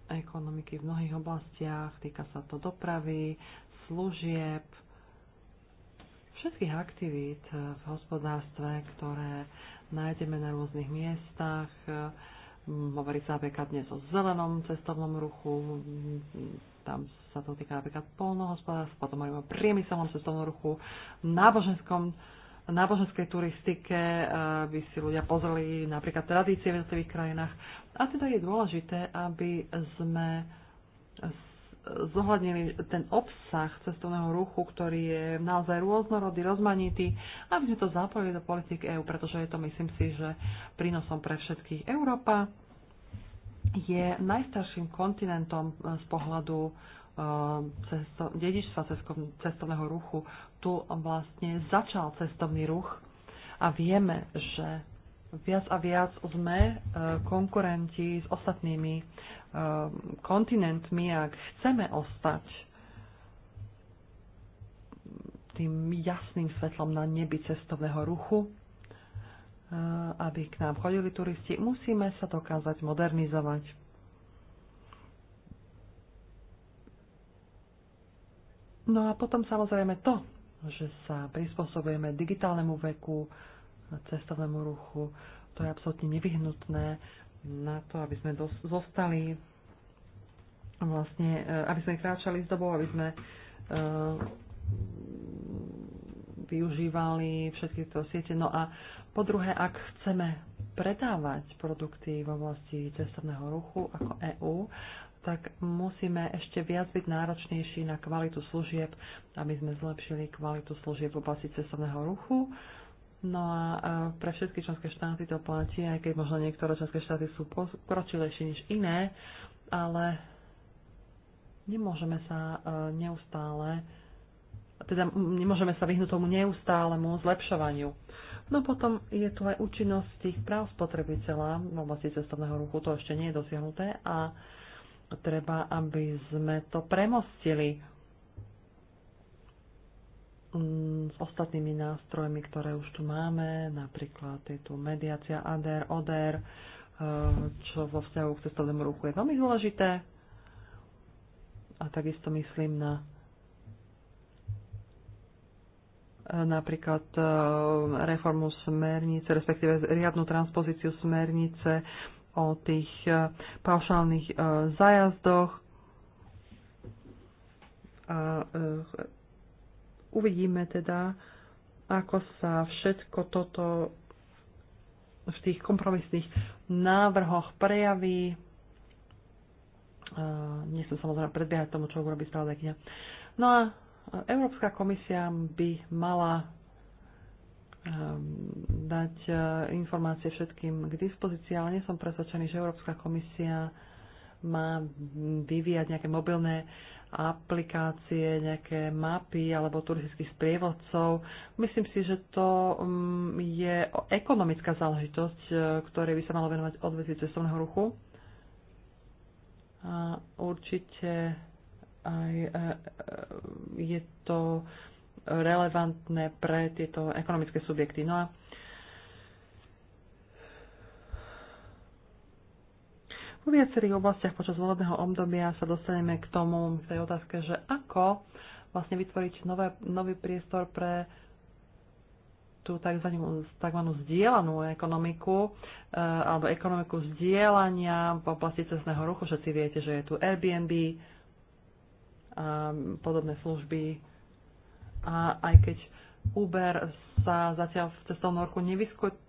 ekonomiky v mnohých oblastiach, týka sa to dopravy, služieb, všetkých aktivít eh, v hospodárstve, ktoré nájdeme na rôznych miestach. Mm, hovorí sa napríklad dnes o zelenom cestovnom ruchu, mm, tam sa to týka napríklad polnohospodárstva, potom aj o priemyselnom cestovnom ruchu, náboženskom náboženskej turistike, eh, aby si ľudia pozreli napríklad tradície v jednotlivých krajinách. A teda je dôležité, aby sme zohľadnili ten obsah cestovného ruchu, ktorý je naozaj rôznorodý, rozmanitý, aby sme to zapojili do politik EÚ, pretože je to, myslím si, že prínosom pre všetkých. Európa je najstarším kontinentom e, z pohľadu e, cesto, dedičstva cestovného ruchu. Tu vlastne začal cestovný ruch a vieme, že viac a viac sme e, konkurenti s ostatnými Um, kontinentmi, ak chceme ostať tým jasným svetlom na nebi cestovného ruchu, uh, aby k nám chodili turisti, musíme sa dokázať modernizovať. No a potom samozrejme to, že sa prispôsobujeme digitálnemu veku, cestovnému ruchu, to je absolútne nevyhnutné na to, aby sme dos- zostali vlastne, e, aby sme kráčali s dobou, aby sme e, využívali všetky tieto siete. No a po druhé, ak chceme predávať produkty v oblasti cestovného ruchu ako EÚ, tak musíme ešte viac byť náročnejší na kvalitu služieb, aby sme zlepšili kvalitu služieb v oblasti cestovného ruchu. Uh, No a pre všetky členské štáty to platí, aj keď možno niektoré členské štáty sú pokročilejšie než iné, ale nemôžeme sa e, neustále teda nemôžeme sa vyhnúť tomu neustálemu zlepšovaniu. No potom je tu aj účinnosť tých práv spotrebiteľa v oblasti cestovného ruchu, to ešte nie je dosiahnuté a treba, aby sme to premostili Mm, s ostatnými nástrojmi, ktoré už tu máme, napríklad je tu mediácia ADR, ODR, e, čo vo vzťahu k cestovnému ruchu je veľmi dôležité. A takisto myslím na e, napríklad e, reformu smernice, respektíve riadnu transpozíciu smernice o tých paušálnych zájazdoch. a Uvidíme teda, ako sa všetko toto v tých kompromisných návrhoch prejaví. Nie som samozrejme predbiehať tomu, čo urobí spravodajkňa. No a Európska komisia by mala ehm, dať e, informácie všetkým k dispozícii, ale nie som presvedčený, že Európska komisia má vyvíjať nejaké mobilné aplikácie, nejaké mapy alebo turistických sprievodcov. Myslím si, že to mm, je ekonomická záležitosť, e, ktorej by sa malo venovať odvetvie cestovného ruchu. A určite aj e, e, je to relevantné pre tieto ekonomické subjekty. No a V viacerých oblastiach počas volebného obdobia sa dostaneme k tomu, k tej otázke, že ako vlastne vytvoriť nové, nový priestor pre tú tzv. tzv. zdieľanú ekonomiku e, alebo ekonomiku zdieľania v oblasti cestného ruchu. Všetci viete, že je tu Airbnb a podobné služby. A aj keď Uber sa zatiaľ v cestovnom ruchu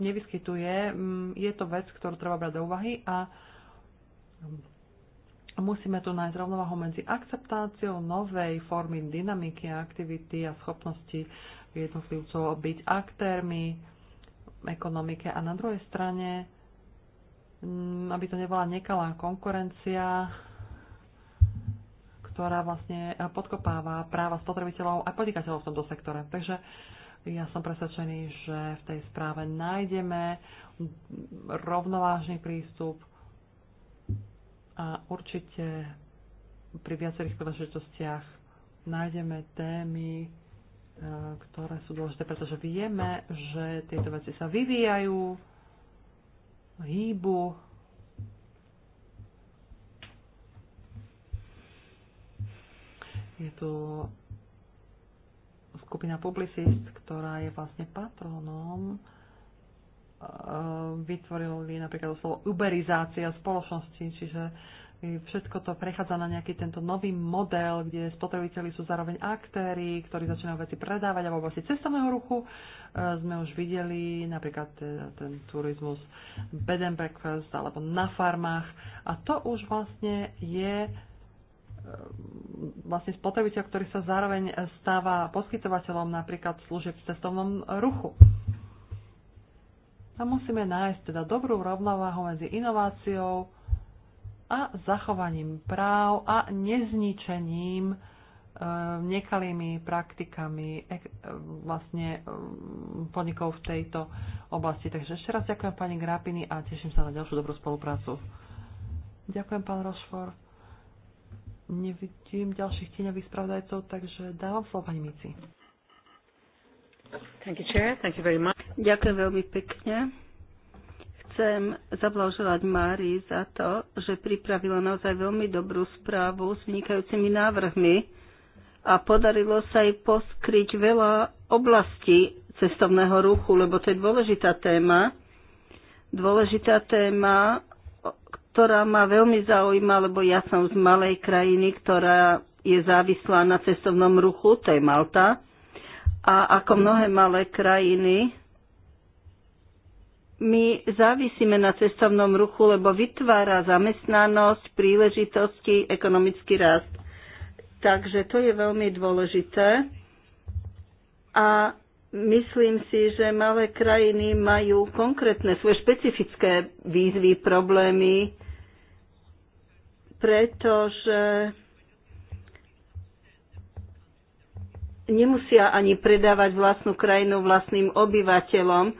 nevyskytuje, mm, je to vec, ktorú treba brať do úvahy a Musíme tu nájsť rovnováhu medzi akceptáciou novej formy dynamiky a aktivity a schopnosti jednotlivcov byť aktérmi v ekonomike a na druhej strane, mm, aby to nebola nekalá konkurencia, ktorá vlastne podkopáva práva spotrebiteľov a podnikateľov v tomto sektore. Takže ja som presvedčený, že v tej správe nájdeme rovnovážny prístup a určite pri viacerých príležitostiach nájdeme témy, e, ktoré sú dôležité, pretože vieme, že tieto veci sa vyvíjajú, hýbu. Je tu skupina publicist, ktorá je vlastne patronom Eh, vytvorili napríklad slovo uberizácia spoločnosti, čiže eh, všetko to prechádza na nejaký tento nový model, kde spotrebiteľi sú zároveň aktéry, ktorí začínajú veci predávať a v oblasti cestovného ruchu eh, sme už videli napríklad ten turizmus bed and breakfast alebo na farmách a to už vlastne je vlastne spotrebiteľ, ktorý sa zároveň stáva poskytovateľom napríklad služieb v cestovnom ruchu a musíme nájsť teda dobrú rovnováhu medzi inováciou a zachovaním práv a nezničením e, nekalými praktikami e, e vlastne e, podnikov v tejto oblasti. Takže ešte raz ďakujem pani Grapini a teším sa na ďalšiu dobrú spoluprácu. Ďakujem pán Rošfor. Nevidím ďalších tieňových spravodajcov, takže dávam slovo pani Mici. Thank you, Chair. Thank you very much. Ďakujem veľmi pekne. Chcem zablahoželať Mári za to, že pripravila naozaj veľmi dobrú správu s vynikajúcimi návrhmi a podarilo sa jej poskryť veľa oblastí cestovného ruchu, lebo to je dôležitá téma. Dôležitá téma, ktorá ma veľmi zaujíma, lebo ja som z malej krajiny, ktorá je závislá na cestovnom ruchu, to je Malta a ako mnohé malé krajiny my závisíme na cestovnom ruchu, lebo vytvára zamestnanosť, príležitosti, ekonomický rast. Takže to je veľmi dôležité. A myslím si, že malé krajiny majú konkrétne svoje špecifické výzvy, problémy, pretože nemusia ani predávať vlastnú krajinu vlastným obyvateľom.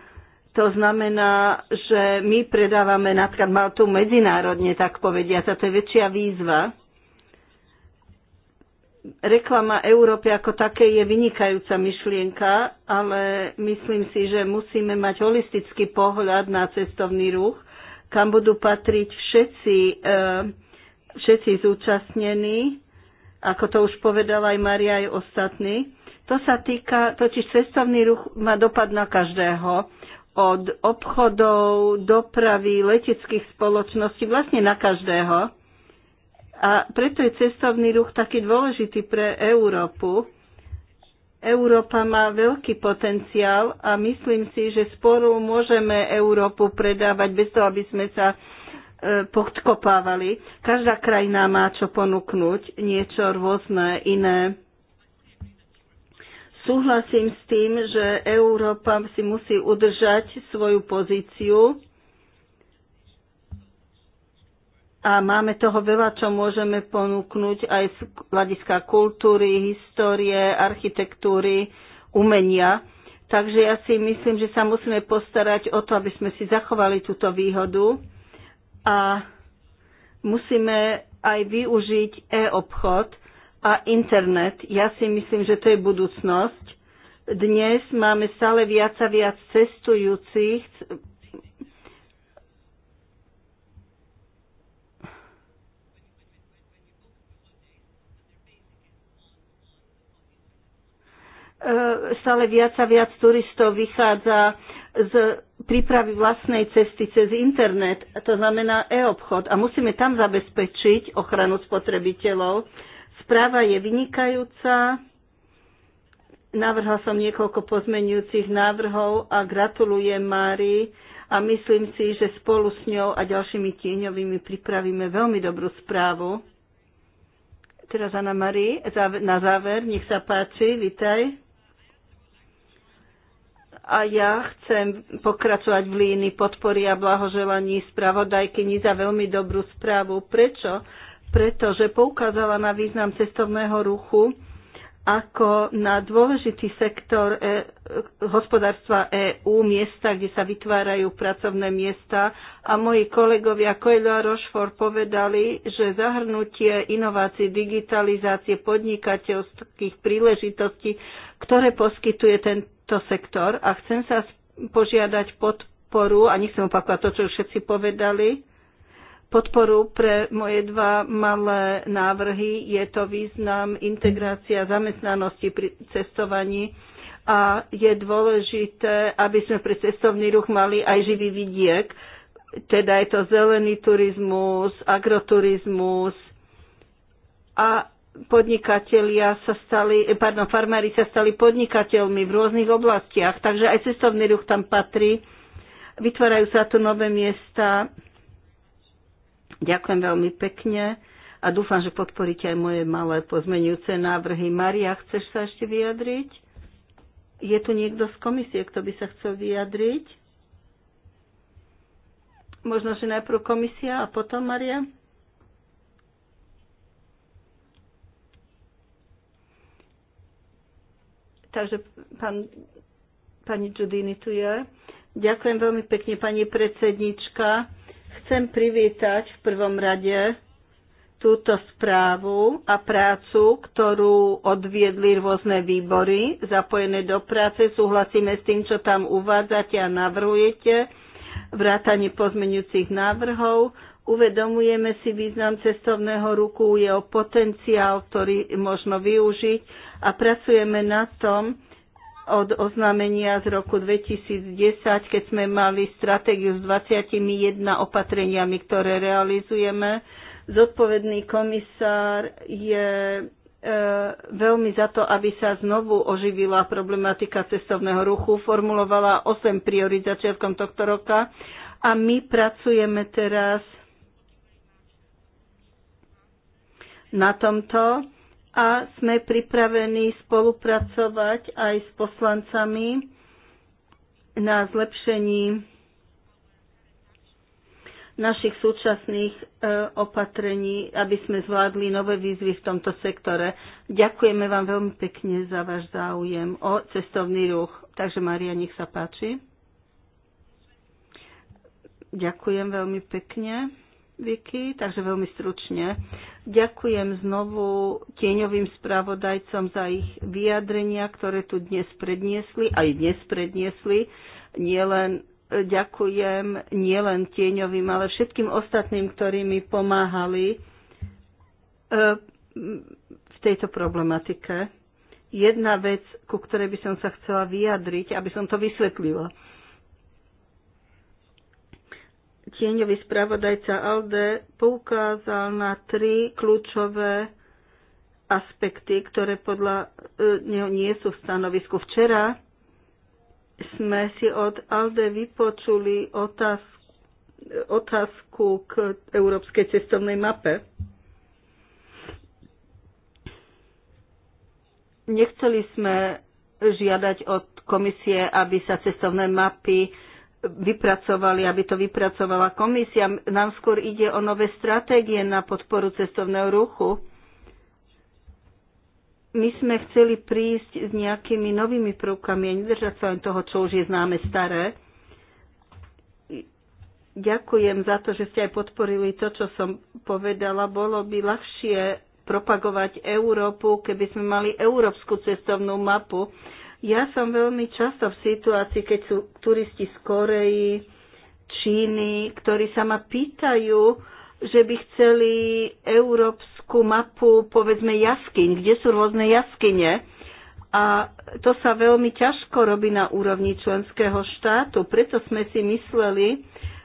To znamená, že my predávame napríklad Maltu medzinárodne, tak povediať, a to je väčšia výzva. Reklama Európy ako také je vynikajúca myšlienka, ale myslím si, že musíme mať holistický pohľad na cestovný ruch, kam budú patriť všetci, e, všetci zúčastnení, ako to už povedala aj Maria aj ostatní. To sa týka, totiž cestovný ruch má dopad na každého, od obchodov, dopravy, leteckých spoločností, vlastne na každého. A preto je cestovný ruch taký dôležitý pre Európu. Európa má veľký potenciál a myslím si, že sporu môžeme Európu predávať bez toho, aby sme sa e, podkopávali. Každá krajina má čo ponúknuť, niečo rôzne, iné Súhlasím s tým, že Európa si musí udržať svoju pozíciu a máme toho veľa, čo môžeme ponúknuť aj z hľadiska kultúry, histórie, architektúry, umenia. Takže ja si myslím, že sa musíme postarať o to, aby sme si zachovali túto výhodu a musíme aj využiť e-obchod, a internet. Ja si myslím, že to je budúcnosť. Dnes máme stále viac a viac cestujúcich. E, stále viac a viac turistov vychádza z prípravy vlastnej cesty cez internet, to znamená e-obchod. A musíme tam zabezpečiť ochranu spotrebiteľov Správa je vynikajúca. Navrhla som niekoľko pozmenujúcich návrhov a gratulujem Mári a myslím si, že spolu s ňou a ďalšími tieňovými pripravíme veľmi dobrú správu. Teraz Anna Marie, na záver, nech sa páči, vitaj. A ja chcem pokračovať v línii podpory a blahoželaní spravodajkyni za veľmi dobrú správu. Prečo? pretože poukázala na význam cestovného ruchu ako na dôležitý sektor e, hospodárstva EÚ, miesta, kde sa vytvárajú pracovné miesta. A moji kolegovia Coelho a Rochefort povedali, že zahrnutie inovácií, digitalizácie, podnikateľských príležitostí, ktoré poskytuje tento sektor. A chcem sa požiadať podporu, a nechcem opakovať to, čo všetci povedali, podporu pre moje dva malé návrhy. Je to význam integrácia zamestnanosti pri cestovaní a je dôležité, aby sme pre cestovný ruch mali aj živý vidiek. Teda je to zelený turizmus, agroturizmus a podnikatelia sa stali, pardon, farmári sa stali podnikateľmi v rôznych oblastiach, takže aj cestovný ruch tam patrí. Vytvárajú sa tu nové miesta, Ďakujem veľmi pekne a dúfam, že podporíte aj moje malé pozmenujúce návrhy. Maria, chceš sa ešte vyjadriť? Je tu niekto z komisie, kto by sa chcel vyjadriť? Možno, že najprv komisia a potom Maria? Takže pán, pani Judiny tu je. Ďakujem veľmi pekne, pani predsednička. Chcem privítať v prvom rade túto správu a prácu, ktorú odviedli rôzne výbory zapojené do práce. Súhlasíme s tým, čo tam uvádzate a navrhujete, vrátanie pozmeňujúcich návrhov. Uvedomujeme si význam cestovného ruku, jeho potenciál, ktorý možno využiť a pracujeme na tom, od oznámenia z roku 2010, keď sme mali stratégiu s 21 opatreniami, ktoré realizujeme. Zodpovedný komisár je e, veľmi za to, aby sa znovu oživila problematika cestovného ruchu. Formulovala 8 priorit začiatkom tohto roka a my pracujeme teraz na tomto a sme pripravení spolupracovať aj s poslancami na zlepšení našich súčasných e, opatrení, aby sme zvládli nové výzvy v tomto sektore. Ďakujeme vám veľmi pekne za váš záujem o cestovný ruch. Takže Maria, nech sa páči. Ďakujem veľmi pekne. Vicky, takže veľmi stručne. Ďakujem znovu tieňovým spravodajcom za ich vyjadrenia, ktoré tu dnes predniesli, aj dnes predniesli. Nielen e, ďakujem nielen tieňovým, ale všetkým ostatným, ktorí mi pomáhali e, v tejto problematike. Jedna vec, ku ktorej by som sa chcela vyjadriť, aby som to vysvetlila tieňový spravodajca Alde poukázal na tri kľúčové aspekty, ktoré podľa e, neho nie sú v stanovisku. Včera sme si od Alde vypočuli otázku, otázku k európskej cestovnej mape. Nechceli sme žiadať od komisie, aby sa cestovné mapy vypracovali, aby to vypracovala komisia. Nám skôr ide o nové stratégie na podporu cestovného ruchu. My sme chceli prísť s nejakými novými prvkami a nedržať sa len toho, čo už je známe staré. Ďakujem za to, že ste aj podporili to, čo som povedala. Bolo by ľahšie propagovať Európu, keby sme mali európsku cestovnú mapu, ja som veľmi často v situácii, keď sú turisti z Koreji, Číny, ktorí sa ma pýtajú, že by chceli európsku mapu, povedzme, jaskyň, kde sú rôzne jaskyne. A to sa veľmi ťažko robí na úrovni členského štátu. Preto sme si mysleli,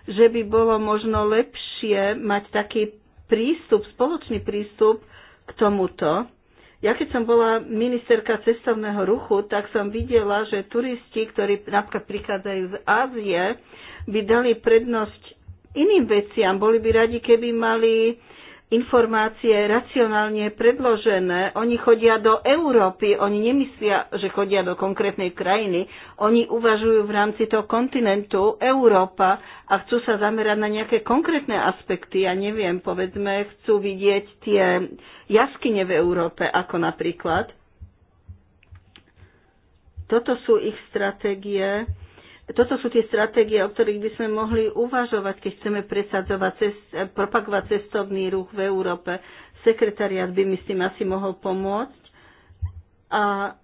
že by bolo možno lepšie mať taký prístup, spoločný prístup k tomuto. Ja keď som bola ministerka cestovného ruchu, tak som videla, že turisti, ktorí napríklad prichádzajú z Ázie, by dali prednosť iným veciam. Boli by radi, keby mali informácie racionálne predložené. Oni chodia do Európy, oni nemyslia, že chodia do konkrétnej krajiny. Oni uvažujú v rámci toho kontinentu Európa a chcú sa zamerať na nejaké konkrétne aspekty. Ja neviem, povedzme, chcú vidieť tie jaskyne v Európe, ako napríklad. Toto sú ich stratégie toto sú tie stratégie, o ktorých by sme mohli uvažovať, keď chceme presadzovať, cest, eh, propagovať cestovný ruch v Európe. Sekretariat by mi s tým asi mohol pomôcť. A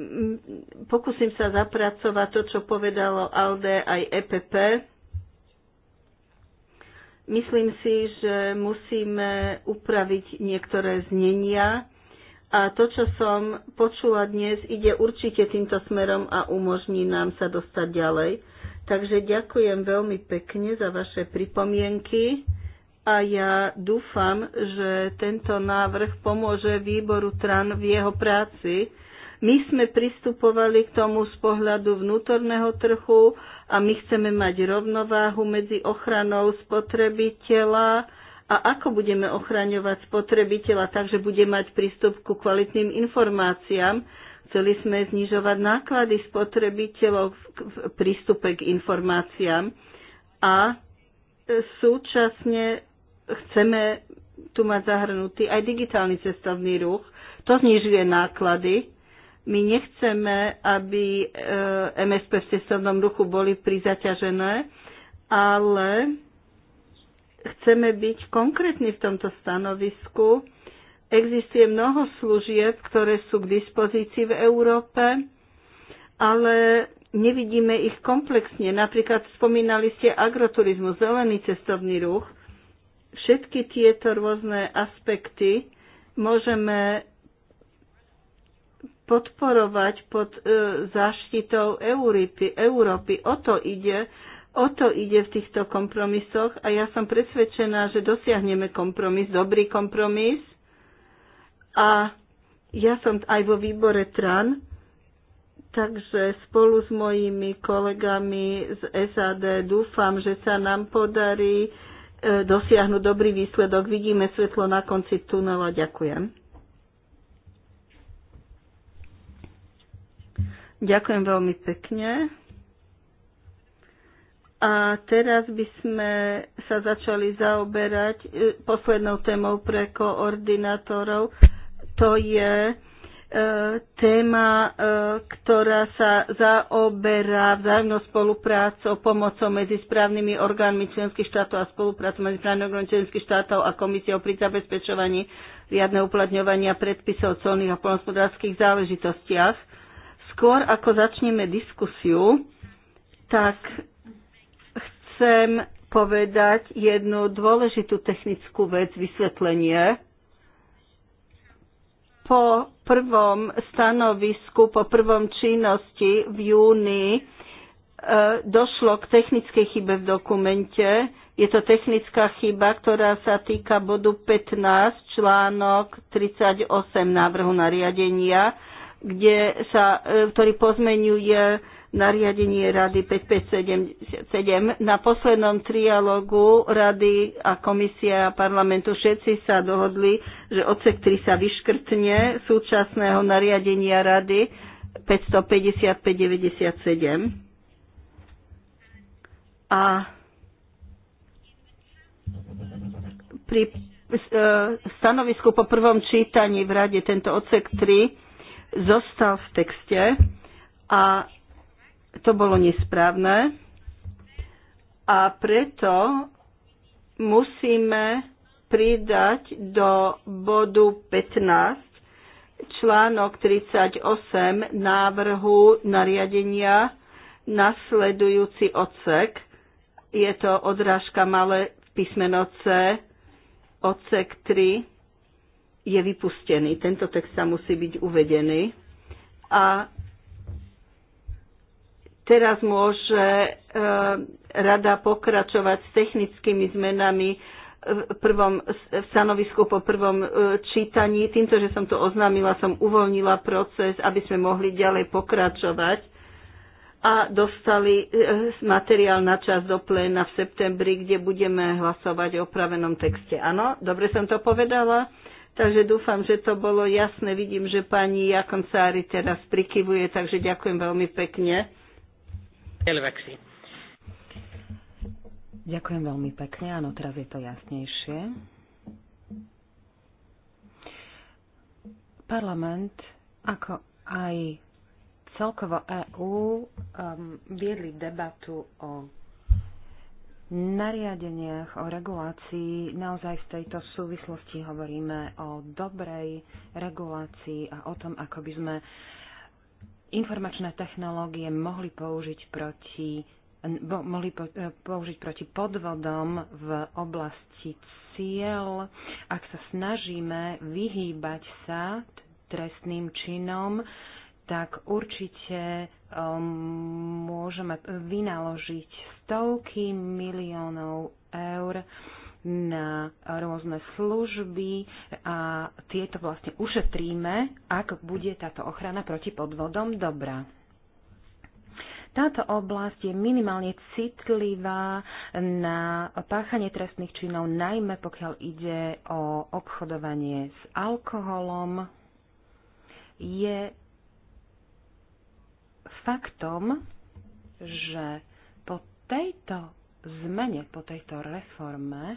mm, pokúsim sa zapracovať to, čo povedalo ALDE aj EPP. Myslím si, že musíme upraviť niektoré znenia, a to, čo som počula dnes, ide určite týmto smerom a umožní nám sa dostať ďalej. Takže ďakujem veľmi pekne za vaše pripomienky a ja dúfam, že tento návrh pomôže výboru TRAN v jeho práci. My sme pristupovali k tomu z pohľadu vnútorného trhu a my chceme mať rovnováhu medzi ochranou spotrebiteľa a ako budeme ochraňovať spotrebiteľa tak, že bude mať prístup ku kvalitným informáciám. Chceli sme znižovať náklady spotrebiteľov v prístupe k informáciám a súčasne chceme tu mať zahrnutý aj digitálny cestovný ruch. To znižuje náklady. My nechceme, aby e, MSP v cestovnom ruchu boli prizaťažené, ale chceme byť konkrétni v tomto stanovisku. Existuje mnoho služieb, ktoré sú k dispozícii v Európe, ale nevidíme ich komplexne. Napríklad spomínali ste agroturizmus, zelený cestovný ruch. Všetky tieto rôzne aspekty môžeme podporovať pod e, záštitou Európy. Európy. O to ide O to ide v týchto kompromisoch a ja som presvedčená, že dosiahneme kompromis, dobrý kompromis. A ja som aj vo výbore TRAN, takže spolu s mojimi kolegami z SAD dúfam, že sa nám podarí e, dosiahnuť dobrý výsledok. Vidíme svetlo na konci tunela. Ďakujem. Ďakujem veľmi pekne. A teraz by sme sa začali zaoberať e, poslednou témou pre koordinátorov. To je e, téma, e, ktorá sa zaoberá vzájomnou spoluprácou, pomocou medzi správnymi orgánmi členských štátov a spoluprácou medzi správnymi orgánmi členských štátov a komisiou pri zabezpečovaní riadne uplatňovania predpisov colných a polnospodárských záležitostiach. Skôr ako začneme diskusiu, tak chcem povedať jednu dôležitú technickú vec, vysvetlenie. Po prvom stanovisku, po prvom činnosti v júni e, došlo k technickej chybe v dokumente. Je to technická chyba, ktorá sa týka bodu 15, článok 38 návrhu nariadenia, kde sa, e, ktorý pozmenuje nariadenie Rady 5577. Na poslednom trialogu Rady a Komisia a parlamentu všetci sa dohodli, že odsek 3 sa vyškrtne súčasného nariadenia Rady 55597. A pri e, stanovisku po prvom čítaní v rade tento odsek 3 zostal v texte a to bolo nesprávne. A preto musíme pridať do bodu 15 článok 38 návrhu nariadenia nasledujúci odsek. Je to odrážka malé písmeno C, odsek 3 je vypustený. Tento text sa musí byť uvedený. A Teraz môže e, rada pokračovať s technickými zmenami v, prvom, v stanovisku po prvom e, čítaní. Týmto, že som to oznámila, som uvoľnila proces, aby sme mohli ďalej pokračovať a dostali e, materiál na čas do pléna v septembri, kde budeme hlasovať o opravenom texte. Áno, dobre som to povedala? Takže dúfam, že to bolo jasné. Vidím, že pani Jakoncári teraz prikyvuje, takže ďakujem veľmi pekne. Ďakujem veľmi pekne, áno, teraz je to jasnejšie. Parlament, ako aj celkovo EÚ, um, viedli debatu o nariadeniach, o regulácii. Naozaj v tejto súvislosti hovoríme o dobrej regulácii a o tom, ako by sme informačné technológie mohli použiť proti mohli eh, použiť proti podvodom v oblasti cieľ, ak sa snažíme vyhýbať sa trestným činom, tak určite um, môžeme vynaložiť stovky miliónov eur na rôzne služby a tieto vlastne ušetríme, ak bude táto ochrana proti podvodom dobrá. Táto oblasť je minimálne citlivá na páchanie trestných činov, najmä pokiaľ ide o obchodovanie s alkoholom. Je faktom, že po tejto zmene, po tejto reforme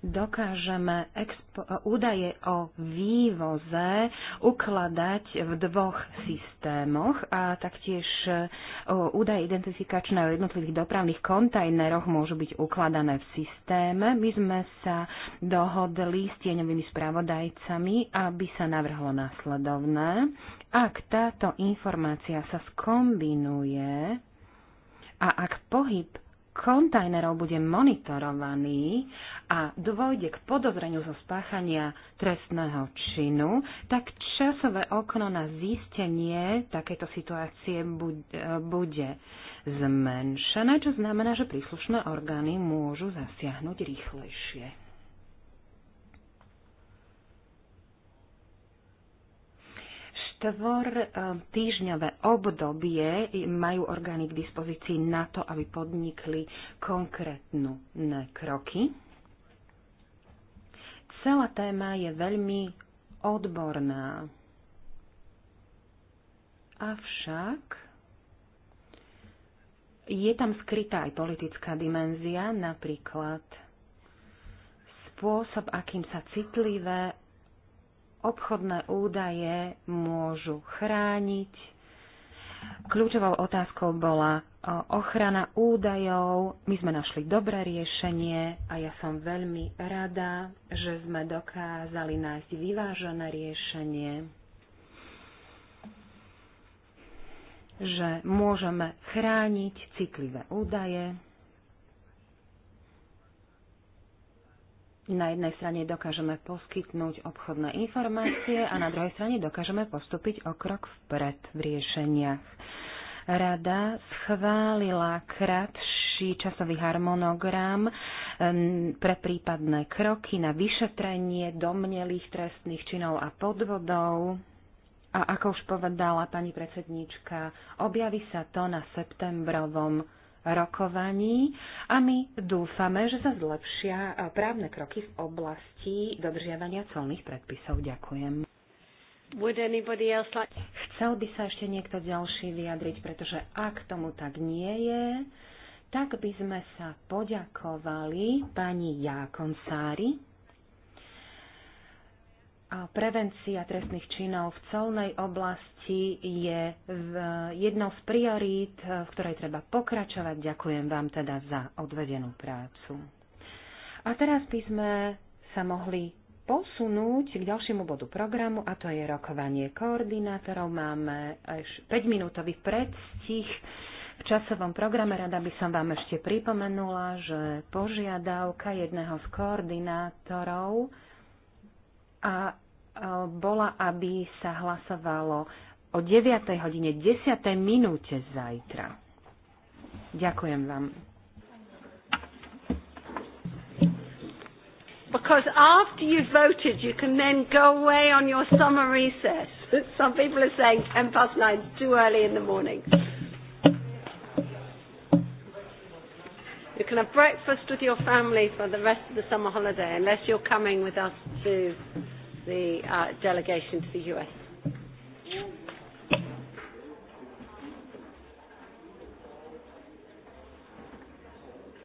dokážeme údaje o vývoze ukladať v dvoch systémoch a taktiež e, údaje identifikačné o jednotlivých dopravných kontajneroch môžu byť ukladané v systéme. My sme sa dohodli s tieňovými spravodajcami, aby sa navrhlo následovné. Ak táto informácia sa skombinuje a ak pohyb kontajnerov bude monitorovaný a dôjde k podozreniu zo spáchania trestného činu, tak časové okno na zistenie takéto situácie e, bude zmenšené, čo znamená, že príslušné orgány môžu zasiahnuť rýchlejšie. štvor e, týždňové obdobie majú orgány k dispozícii na to, aby podnikli konkrétne kroky. Celá téma je veľmi odborná. Avšak je tam skrytá aj politická dimenzia, napríklad spôsob, akým sa citlivé obchodné údaje môžu chrániť. Kľúčovou otázkou bola e, ochrana údajov. My sme našli dobré riešenie a ja som veľmi rada, že sme dokázali nájsť vyvážené riešenie, že môžeme chrániť citlivé údaje na jednej strane dokážeme poskytnúť obchodné informácie a na druhej strane dokážeme postúpiť o krok vpred v riešeniach. Rada schválila kratší časový harmonogram pre prípadné kroky na vyšetrenie domnelých trestných činov a podvodov. A ako už povedala pani predsedníčka, objaví sa to na septembrovom rokovaní a my dúfame, že sa zlepšia eh, právne kroky v oblasti dodržiavania colných predpisov. Ďakujem. Like... Chcel by sa ešte niekto ďalší vyjadriť, pretože ak tomu tak nie je, tak by sme sa poďakovali pani Sári. Prevencia trestných činov v celnej oblasti je jednou z priorít, v ktorej treba pokračovať. Ďakujem vám teda za odvedenú prácu. A teraz by sme sa mohli posunúť k ďalšiemu bodu programu, a to je rokovanie koordinátorov. Máme až 5-minútový predstih v časovom programe rada by som vám ešte pripomenula, že požiadavka jedného z koordinátorov a bola, aby sa hlasovalo o 9. hodine 10. minúte zajtra. Ďakujem vám. Because after you've voted, you can then go away on your summer recess. Some people are saying 10 past nine is too early in the morning. You can have breakfast with your family for the rest of the summer holiday, unless you're coming with us to the uh, delegation to the US.